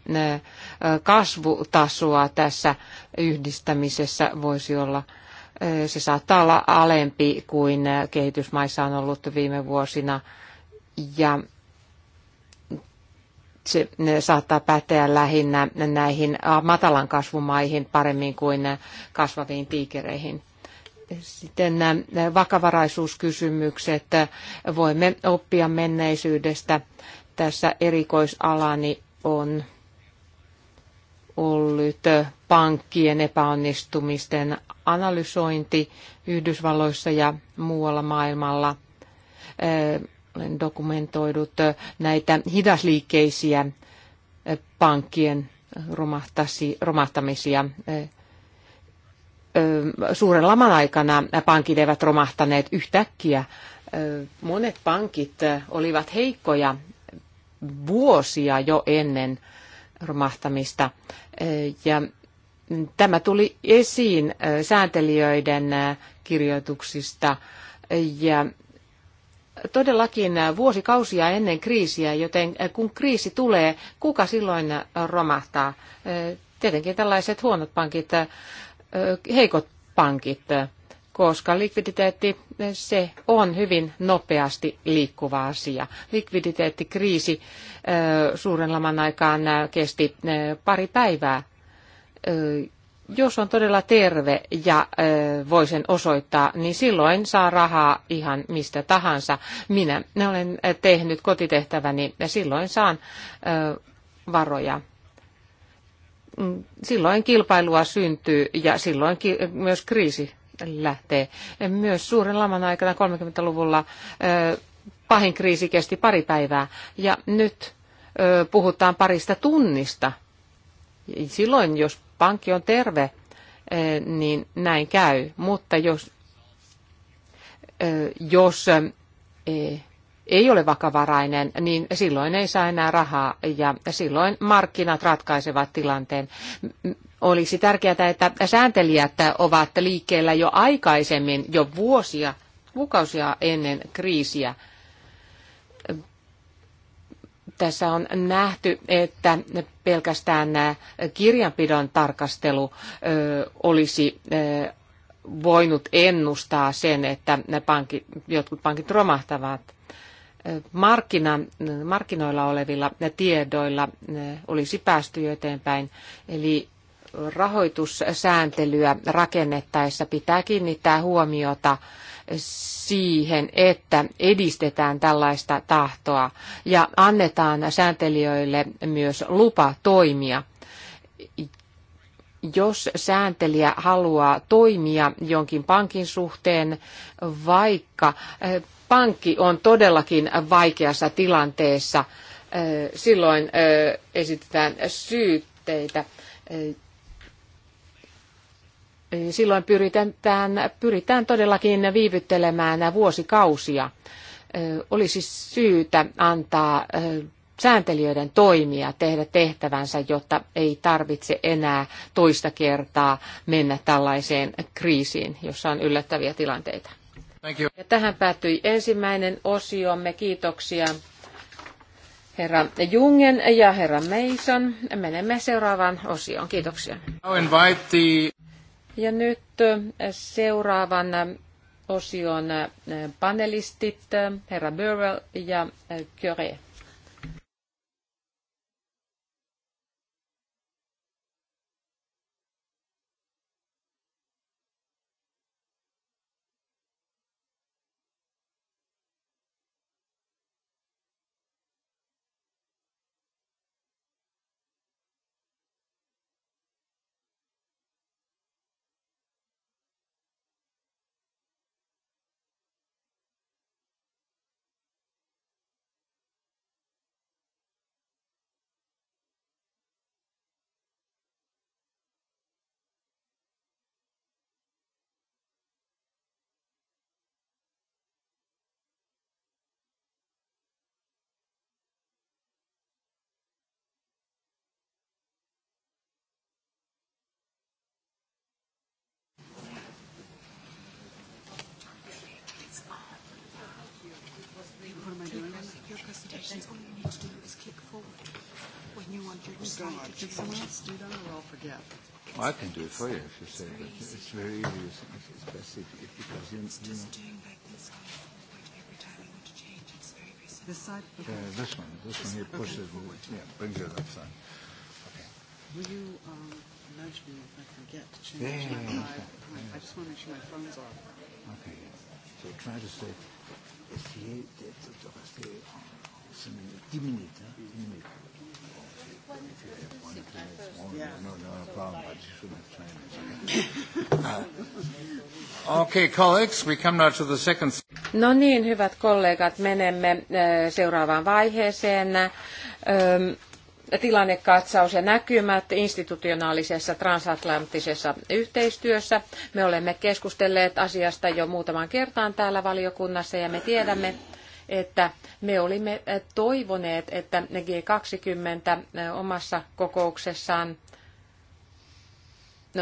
kasvutasoa tässä yhdistämisessä voisi olla. Se saattaa olla alempi kuin kehitysmaissa on ollut viime vuosina. Ja se saattaa päteä lähinnä näihin matalan kasvumaihin paremmin kuin kasvaviin tiikereihin. Sitten nämä vakavaraisuuskysymykset. Voimme oppia menneisyydestä. Tässä erikoisalani on ollut pankkien epäonnistumisten analysointi Yhdysvalloissa ja muualla maailmalla – olen dokumentoidut näitä hidasliikkeisiä pankkien romahtamisia. Suuren laman aikana pankit eivät romahtaneet yhtäkkiä. Monet pankit olivat heikkoja vuosia jo ennen romahtamista. Ja tämä tuli esiin sääntelijöiden kirjoituksista ja todellakin vuosikausia ennen kriisiä, joten kun kriisi tulee, kuka silloin romahtaa? Tietenkin tällaiset huonot pankit, heikot pankit, koska likviditeetti se on hyvin nopeasti liikkuva asia. Likviditeettikriisi eh, suuren laman aikaan eh, kesti eh, pari päivää jos on todella terve ja voi sen osoittaa, niin silloin saa rahaa ihan mistä tahansa. Minä olen tehnyt kotitehtäväni ja silloin saan varoja. Silloin kilpailua syntyy ja silloin myös kriisi lähtee. Myös suuren laman aikana 30-luvulla pahin kriisi kesti pari päivää ja nyt puhutaan parista tunnista. Silloin, jos pankki on terve, eh, niin näin käy. Mutta jos, eh, jos eh, ei ole vakavarainen, niin silloin ei saa enää rahaa ja silloin markkinat ratkaisevat tilanteen. Olisi tärkeää, että sääntelijät ovat liikkeellä jo aikaisemmin, jo vuosia, kuukausia ennen kriisiä tässä on nähty, että pelkästään nämä kirjanpidon tarkastelu olisi voinut ennustaa sen, että ne jotkut pankit romahtavat. Markkina, markkinoilla olevilla tiedoilla olisi päästy eteenpäin. Eli rahoitussääntelyä rakennettaessa pitää kiinnittää huomiota siihen, että edistetään tällaista tahtoa ja annetaan sääntelijöille myös lupa toimia. Jos sääntelijä haluaa toimia jonkin pankin suhteen, vaikka eh, pankki on todellakin vaikeassa tilanteessa, eh, silloin eh, esitetään syytteitä silloin pyritään, pyritään todellakin viivyttelemään vuosikausia. Olisi syytä antaa sääntelijöiden toimia, tehdä tehtävänsä, jotta ei tarvitse enää toista kertaa mennä tällaiseen kriisiin, jossa on yllättäviä tilanteita. Ja tähän päättyi ensimmäinen osiomme. Kiitoksia herra Jungen ja herra Mason. Menemme seuraavaan osioon. Kiitoksia. Ja nyt seuraavan osion panelistit, herra Burwell ja Curé. I can do it for you if you say, but it's very easy. It's, it's best if, if because you, you know. This side? Okay. Yeah, this one. This, this one here pushes. Okay. Yeah, brings it up side. Okay. Will you um, nudge me if I forget to change yeah, yeah, my yeah, yeah. I just want to make sure my phone's off. Okay. So try to stay. Essayez d'être resté 10 minutes. 10 minutes. Okay, second... No niin, hyvät kollegat, menemme seuraavaan vaiheeseen. Tilannekatsaus ja näkymät institutionaalisessa transatlanttisessa yhteistyössä. Me olemme keskustelleet asiasta jo muutaman kertaan täällä valiokunnassa ja me tiedämme, että me olimme eh, toivoneet, että G20 eh, omassa kokouksessaan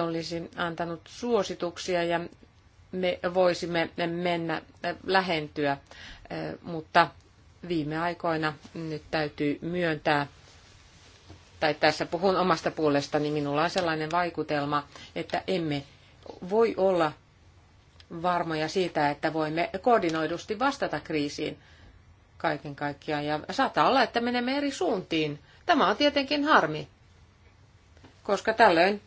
olisi antanut suosituksia ja me voisimme mennä eh, lähentyä, mutta viime aikoina nyt täytyy myöntää, tai tässä puhun omasta puolestani, minulla on sellainen vaikutelma, että emme voi olla varmoja siitä, että voimme koordinoidusti vastata kriisiin kaiken kaikkiaan. Ja saattaa olla, että menemme eri suuntiin. Tämä on tietenkin harmi, koska tällöin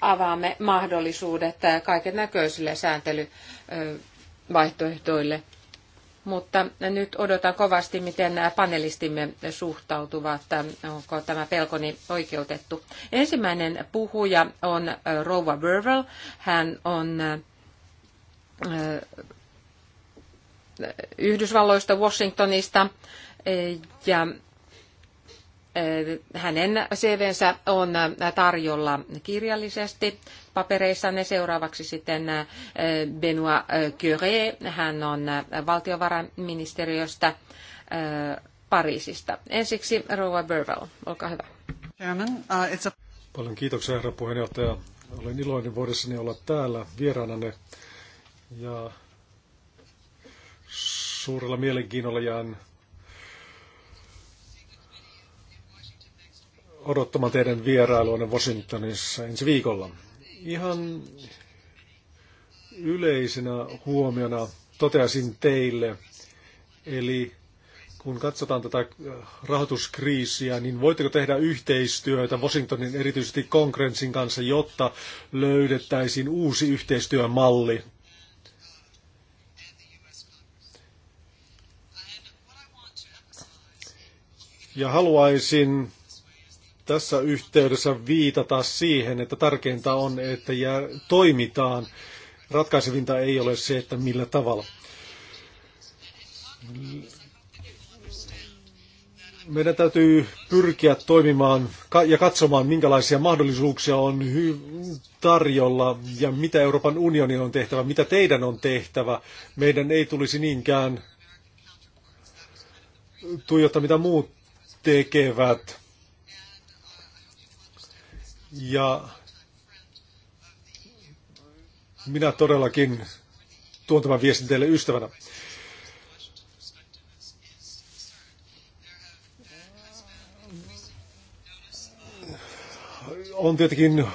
avaamme mahdollisuudet kaiken näköisille sääntelyvaihtoehtoille. Mutta nyt odotan kovasti, miten nämä panelistimme suhtautuvat, onko tämä pelkoni oikeutettu. Ensimmäinen puhuja on Rova Burwell. Hän on Yhdysvalloista, Washingtonista, e, ja e, hänen CVnsä on tarjolla kirjallisesti ne Seuraavaksi sitten e, Benoit Curé, hän on valtiovarainministeriöstä Pariisista. Ensiksi Rova Burwell, olkaa hyvä. Chairman, uh, Paljon kiitoksia, herra puheenjohtaja. Olen iloinen vuodessani olla täällä vieraananne ja suurella mielenkiinnolla jään odottamaan teidän vierailuanne Washingtonissa ensi viikolla. Ihan yleisenä huomiona toteaisin teille, eli kun katsotaan tätä rahoituskriisiä, niin voitteko tehdä yhteistyötä Washingtonin erityisesti kongressin kanssa, jotta löydettäisiin uusi yhteistyömalli Ja haluaisin tässä yhteydessä viitata siihen, että tärkeintä on, että toimitaan. Ratkaisevinta ei ole se, että millä tavalla. Meidän täytyy pyrkiä toimimaan ja katsomaan, minkälaisia mahdollisuuksia on tarjolla ja mitä Euroopan unioni on tehtävä, mitä teidän on tehtävä. Meidän ei tulisi niinkään tuijottaa, mitä muut tekevät. Ja minä todellakin tuon tämän viestin teille ystävänä. On tietenkin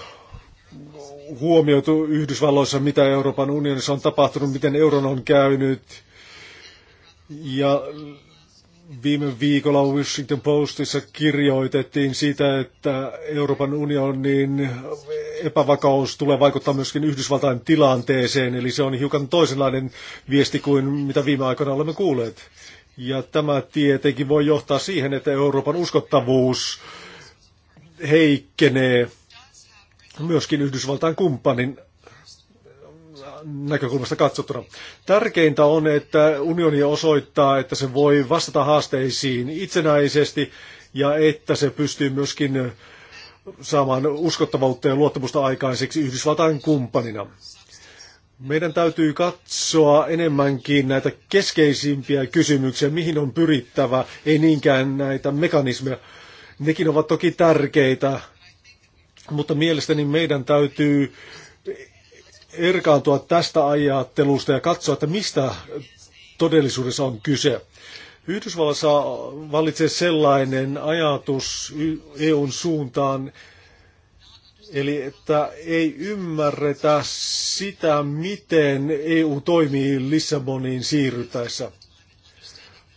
huomioitu Yhdysvalloissa, mitä Euroopan unionissa on tapahtunut, miten euron on käynyt. Ja Viime viikolla Washington Postissa kirjoitettiin siitä, että Euroopan unionin epävakaus tulee vaikuttaa myöskin Yhdysvaltain tilanteeseen, eli se on hiukan toisenlainen viesti kuin mitä viime aikoina olemme kuulleet. Ja tämä tietenkin voi johtaa siihen, että Euroopan uskottavuus heikkenee myöskin Yhdysvaltain kumppanin näkökulmasta katsottuna. Tärkeintä on, että unioni osoittaa, että se voi vastata haasteisiin itsenäisesti ja että se pystyy myöskin saamaan uskottavuutta ja luottamusta aikaiseksi Yhdysvaltain kumppanina. Meidän täytyy katsoa enemmänkin näitä keskeisimpiä kysymyksiä, mihin on pyrittävä, ei niinkään näitä mekanismeja. Nekin ovat toki tärkeitä, mutta mielestäni meidän täytyy erkaantua tästä ajattelusta ja katsoa, että mistä todellisuudessa on kyse. Yhdysvallassa valitsee sellainen ajatus EUn suuntaan, eli että ei ymmärretä sitä, miten EU toimii Lissaboniin siirrytäessä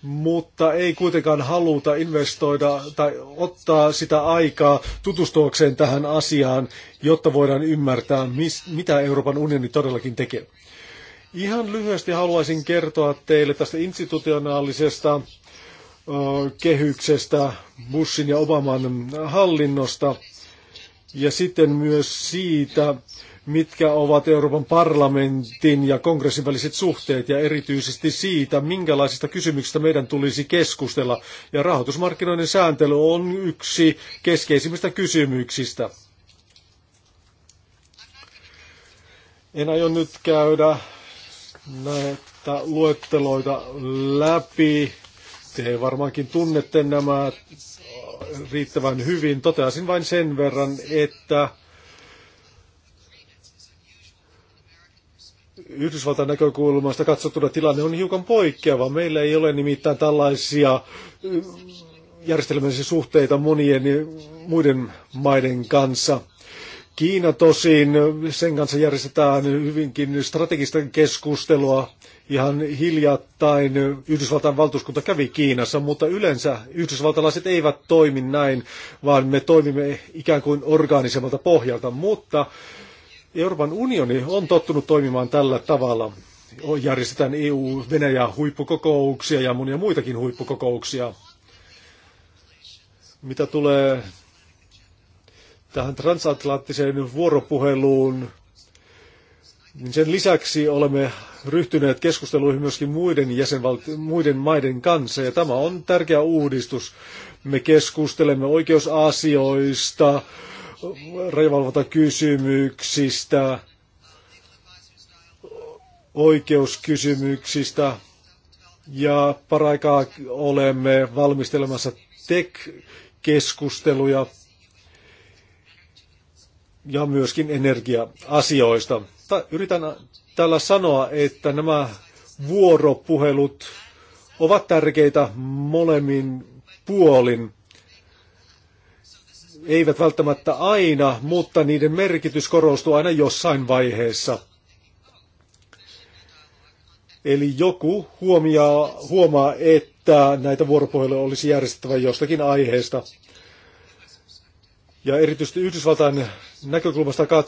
mutta ei kuitenkaan haluta investoida tai ottaa sitä aikaa tutustuakseen tähän asiaan, jotta voidaan ymmärtää, mis, mitä Euroopan unioni todellakin tekee. Ihan lyhyesti haluaisin kertoa teille tästä institutionaalisesta ö, kehyksestä, Bushin ja Obaman hallinnosta ja sitten myös siitä, mitkä ovat Euroopan parlamentin ja kongressin väliset suhteet ja erityisesti siitä, minkälaisista kysymyksistä meidän tulisi keskustella. Ja rahoitusmarkkinoiden sääntely on yksi keskeisimmistä kysymyksistä. En aio nyt käydä näitä luetteloita läpi. Te varmaankin tunnette nämä riittävän hyvin. Toteasin vain sen verran, että Yhdysvaltain näkökulmasta katsottuna tilanne on hiukan poikkeava. Meillä ei ole nimittäin tällaisia mm, järjestelmällisiä suhteita monien muiden maiden kanssa. Kiina tosin, sen kanssa järjestetään hyvinkin strategista keskustelua. Ihan hiljattain Yhdysvaltain valtuuskunta kävi Kiinassa, mutta yleensä yhdysvaltalaiset eivät toimi näin, vaan me toimimme ikään kuin organisemmalta pohjalta. Mutta Euroopan unioni on tottunut toimimaan tällä tavalla. Järjestetään EU-Venäjä huippukokouksia ja monia muitakin huippukokouksia. Mitä tulee tähän transatlanttiseen vuoropuheluun, niin sen lisäksi olemme ryhtyneet keskusteluihin myöskin muiden, jäsenvalti- muiden maiden kanssa, ja tämä on tärkeä uudistus. Me keskustelemme oikeusasioista, rajavalvontakysymyksistä, oikeuskysymyksistä ja paraikaa olemme valmistelemassa TEC-keskusteluja ja myöskin energia-asioista. Yritän tällä sanoa, että nämä vuoropuhelut ovat tärkeitä molemmin puolin eivät välttämättä aina, mutta niiden merkitys korostuu aina jossain vaiheessa. Eli joku huomiaa, huomaa, että näitä vuoropuheluja olisi järjestettävä jostakin aiheesta. Ja erityisesti Yhdysvaltain näkökulmasta